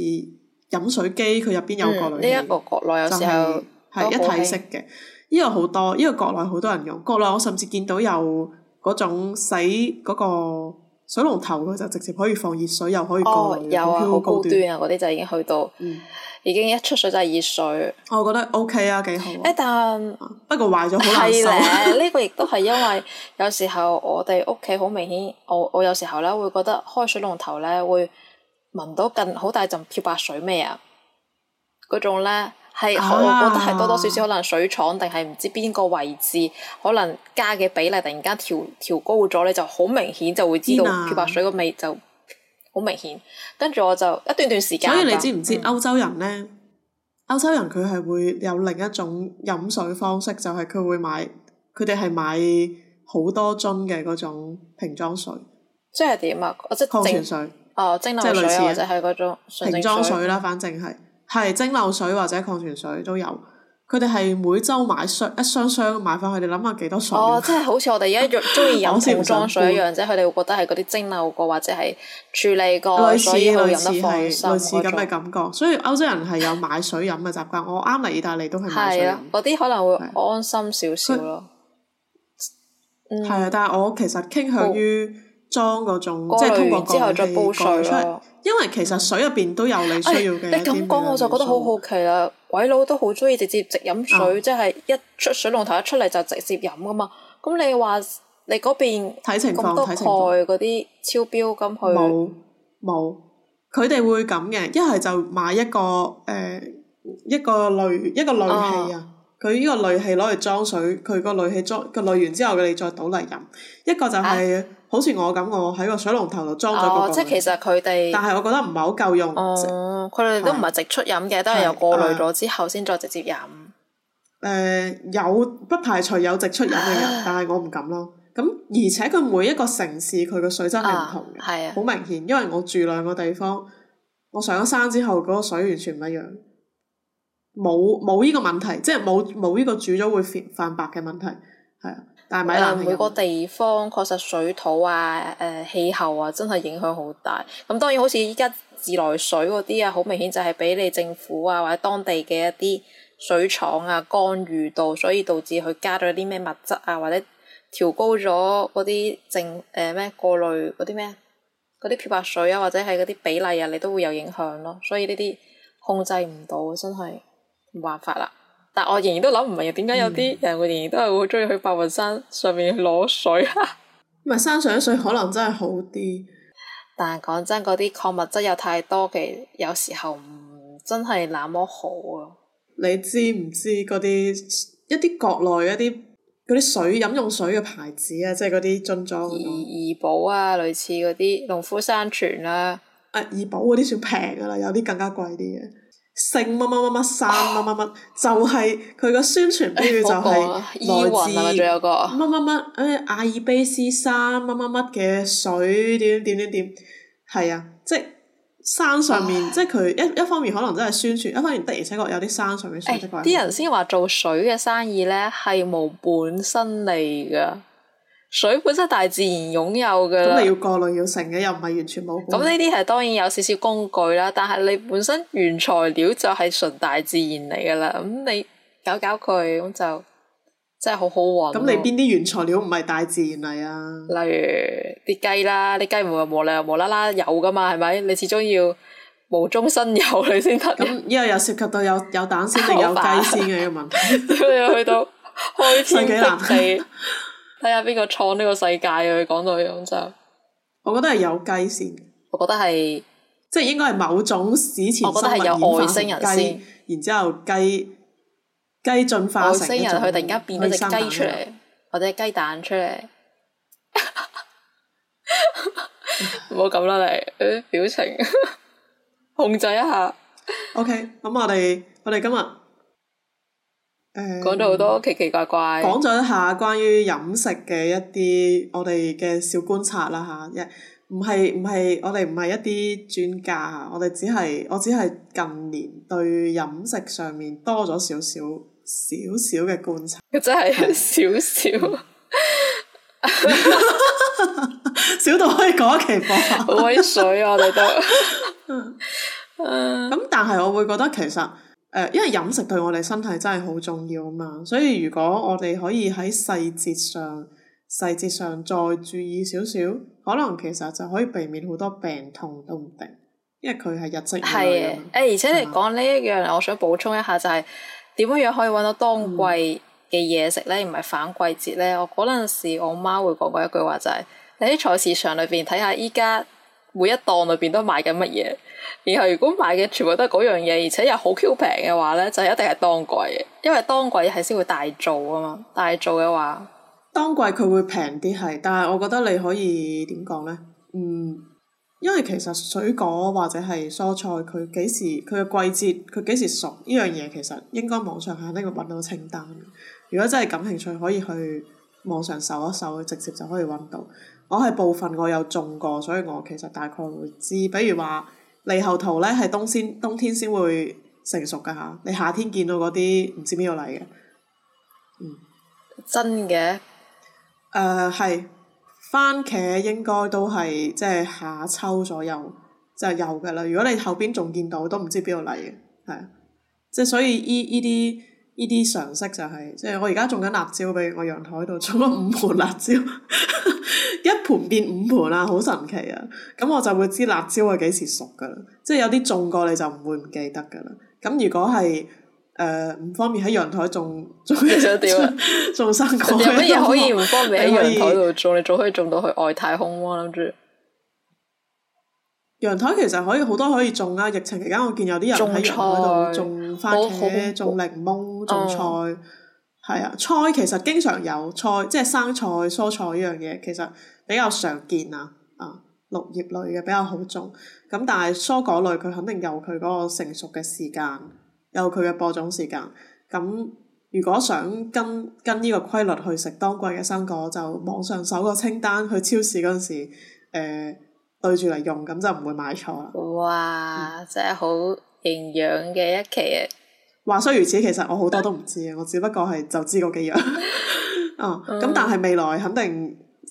飲水機，佢入邊有過濾器。一、嗯呢個過濾就係、是。係、oh, 一體式嘅，呢、okay. 個好多，依、這個國內好多人用。國內我甚至見到有嗰種洗嗰個水龍頭，佢就直接可以放熱水，又可以過熱水，好、oh, 啊、高，高端啊！嗰啲就已經去到，嗯、已經一出水就係熱水。我覺得 OK 啊，幾好、啊。誒，但係不過壞咗，好難受。係咧，呢個亦都係因為有時候我哋屋企好明顯，我我有時候咧會覺得開水龍頭咧會聞到更好大陣漂白水味啊，嗰種咧。係，我覺得係多多少少可能水廠定係唔知邊個位置，可能加嘅比例突然間調調高咗咧，你就好明顯就會知道，哪漂白水個味就好明顯。跟住我就一段段時間。所以你知唔知歐洲人咧？嗯、歐洲人佢係會有另一種飲水方式，就係、是、佢會買，佢哋係買好多樽嘅嗰種瓶裝水。即係點啊？即係礦泉水。哦、呃，蒸餾水即係類似。或者係嗰種瓶裝水啦，反正係。係蒸餾水或者礦泉水都有，佢哋係每周買箱一箱箱買翻去，你諗下幾多水？哦，即係、oh, 好似我哋一樣中意飲桶裝水一樣，即係佢哋會覺得係嗰啲蒸餾過或者係處理過，所以佢飲得放心嗰種，類似咁嘅感，感覺，所以歐洲人係有買水飲嘅習慣。 我啱嚟意大利都係買水飲，嗰啲、啊、可能會安心少少咯。係啊 它、嗯，但係我其實傾向於裝嗰種，即係過濾完之後再煲水咯。因為其實水入邊都有你需要嘅。哎、你咁講我就覺得好好奇啦，鬼佬都好中意直接直飲水，啊、即係一出水龍頭一出嚟就直接飲噶嘛。咁、啊、你話你嗰邊情況咁多鈣嗰啲超標咁去？冇冇，佢哋會咁嘅，一係就買一個誒、呃、一個濾一個濾器啊。佢呢個濾器攞嚟裝水，佢個濾器裝，這個濾完之後，佢哋再倒嚟飲。一個就係、啊。好似我咁，我喺個水龍頭度裝咗個過濾器、哦、即係其實佢哋，但係我覺得唔係好夠用。佢哋、哦、都唔係直出飲嘅，是都係有過濾咗之後先再直接飲。誒、啊呃，有不排除有直出飲嘅人，啊、但係我唔敢咯。咁而且佢每一個城市佢個水質係唔同嘅，好、啊啊、明顯。因為我住兩個地方，我上咗山之後嗰、那個水完全唔一樣，冇冇呢個問題，即係冇冇呢個煮咗會泛白嘅問題，係啊。誒每個地方確實水土啊、誒、呃、氣候啊，真係影響好大。咁當然好似依家自來水嗰啲啊，好明顯就係俾你政府啊或者當地嘅一啲水廠啊干預到，所以導致佢加咗啲咩物質啊，或者調高咗嗰啲淨誒咩過濾嗰啲咩嗰啲漂白水啊，或者係嗰啲比例啊，你都會有影響咯。所以呢啲控制唔到，真係冇辦法啦。但我仍然都諗唔明，點解有啲人會仍然都係會中意去白雲山上面攞水啊？唔係山上啲水可能真係好啲，但係講真，嗰啲礦物質又太多嘅，有時候唔真係那麼好啊。你知唔知嗰啲一啲國內一啲嗰啲水飲用水嘅牌子啊？即係嗰啲樽裝怡怡寶啊，類似嗰啲農夫山泉啦。啊，怡寶嗰啲算平噶啦，有啲更加貴啲嘅。聖乜乜乜乜山乜乜乜，就係佢個宣傳標語就係來自乜乜乜，誒，阿爾卑斯山乜乜乜嘅水點點點點點，係啊，即係山上面， 即係佢一一方面可能真係宣傳，一方面的而且確有啲山上面嘅水。誒、欸，啲人先話做水嘅生意咧係無本生利噶。水本身大自然擁有嘅啦，咁你要過濾要成嘅，又唔係完全冇。咁呢啲係當然有少少工具啦，但係你本身原材料就係純大自然嚟噶啦，咁你搞搞佢咁就真係好好運。咁你邊啲原材料唔係大自然嚟啊？例如啲雞啦，啲雞唔會無啦無啦啦有噶嘛，係咪？你始終要無中生有你先得。咁因為又涉及到有有蛋先定有煩雞先嘅一個問題。你要，要去到開天闢地。 笑 睇下邊個創呢個世界啊！佢講到咁就，我覺得係有雞先。我覺得係，即係應該係某種史前，我覺得係有外星人先，然之後雞雞進化成。外星人佢突然間變咗隻雞出嚟，或者雞蛋出嚟。唔好咁啦，你表情 控制一下。OK，咁我哋我哋今日。講咗好多奇奇怪怪、嗯，講咗一下關於飲食嘅一啲我哋嘅小觀察啦吓，一唔係唔係我哋唔係一啲專家啊，我哋只係我只係近年對飲食上面多咗少少少少嘅觀察，真係少少，少，少到可以講一期講下，好威水啊！我哋都，咁 但係我會覺得其實。因為飲食對我哋身體真係好重要啊嘛，所以如果我哋可以喺細節上細節上再注意少少，可能其實就可以避免好多病痛都唔定，因為佢係日積月累。而且的你講呢一樣，我想補充一下就係點樣樣可以揾到當季嘅嘢食呢？唔係反季節呢。嗯、我嗰陣時我媽會講過一句話就係、你，喺菜市場裏邊睇下依家，每一檔裏邊都賣緊乜嘢，然後如果賣嘅全部都係嗰樣嘢，而且又好 Q 平嘅話咧，就一定係當季嘅，因為當季係先會大造啊嘛。大造嘅話，當季佢會平啲係，但係我覺得你可以點講咧？嗯，因為其實水果或者係蔬菜，佢幾時佢嘅季節，佢幾時熟呢樣嘢其實應該網上肯定會揾到清單。如果真係感興趣，可以去網上搜一搜，直接就可以揾到。我係部分我有種過，所以我其實大概會知。比如話，獼猴桃呢，係冬先冬天先會成熟㗎吓，你夏天見到嗰啲唔知邊度嚟嘅，嗯，真嘅的。誒係、呃，番茄應該都係即係夏秋左右就係、有嘅啦。如果你後邊仲見到都唔知邊度嚟嘅，係，即係所以呢呢啲。呢啲常識就係、是，即係我而家種緊辣椒，比如我陽台度種咗五盤辣椒， 一盤變五盤啦，好神奇啊！咁我就會知辣椒係幾時熟噶啦，即係有啲種過你就唔會唔記得噶啦。咁如果係誒唔方便喺陽台種，你想點種生果有乜嘢可以唔方便喺陽台度種？以你仲可以種到去外太空喎、啊？諗住。陽台其實可以好多可以種啊！疫情期間我見有啲人喺陽台度種番茄、我種檸檬、種菜，係啊！菜其實經常有菜，即係生菜、蔬菜呢樣嘢其實比較常見啊！啊，綠葉類嘅比較好種，咁但係蔬果類佢肯定有佢嗰個成熟嘅時間，有佢嘅播種時間。咁如果想跟跟呢個規律去食當季嘅生果，就網上搜個清單去超市嗰陣時，呃對住嚟用咁就唔會買錯啦。哇！嗯、真係好營養嘅一期、啊。話雖如此，其實我好多都唔知嘅， 我只不過係就知嗰幾樣。啊、 哦，咁但係未來肯定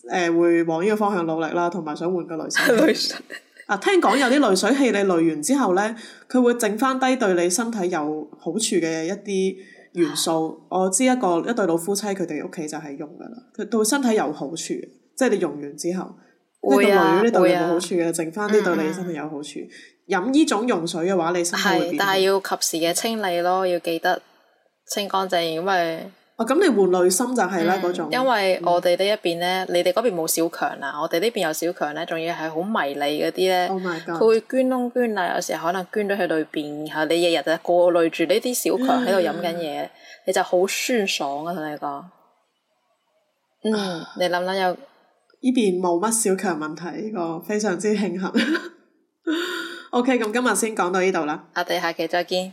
誒、呃、會往呢個方向努力啦，同埋想換個濾水器。濾水啊！聽講有啲濾水器，你濾完之後呢，佢會剩翻低對你身體有好處嘅一啲元素。啊、我知一個一對老夫妻佢哋屋企就係用噶啦，佢對身體有好處，即係你用完之後。會啊，會啊，淨翻啲對你身體有好處。飲呢、嗯、種溶水嘅話，你身係但係要及時嘅清理咯，要記得清乾淨，咁咪。哦、啊，咁你換濾芯就係啦，嗰種。因為我哋呢一邊咧，嗯、你哋嗰邊冇小強啊，我哋呢邊有小強咧，仲要係好迷你嗰啲咧。佢、oh my god、會捐窿捐啊，有時候可能捐咗去裏邊，然後你日日就過濾住呢啲小強喺度飲緊嘢，嗯、你就好酸爽啊！同你講。嗯，你諗諗有。呢邊冇乜小強問題，呢個非常之慶幸。OK，咁今日先講到呢度啦。我哋下期再見。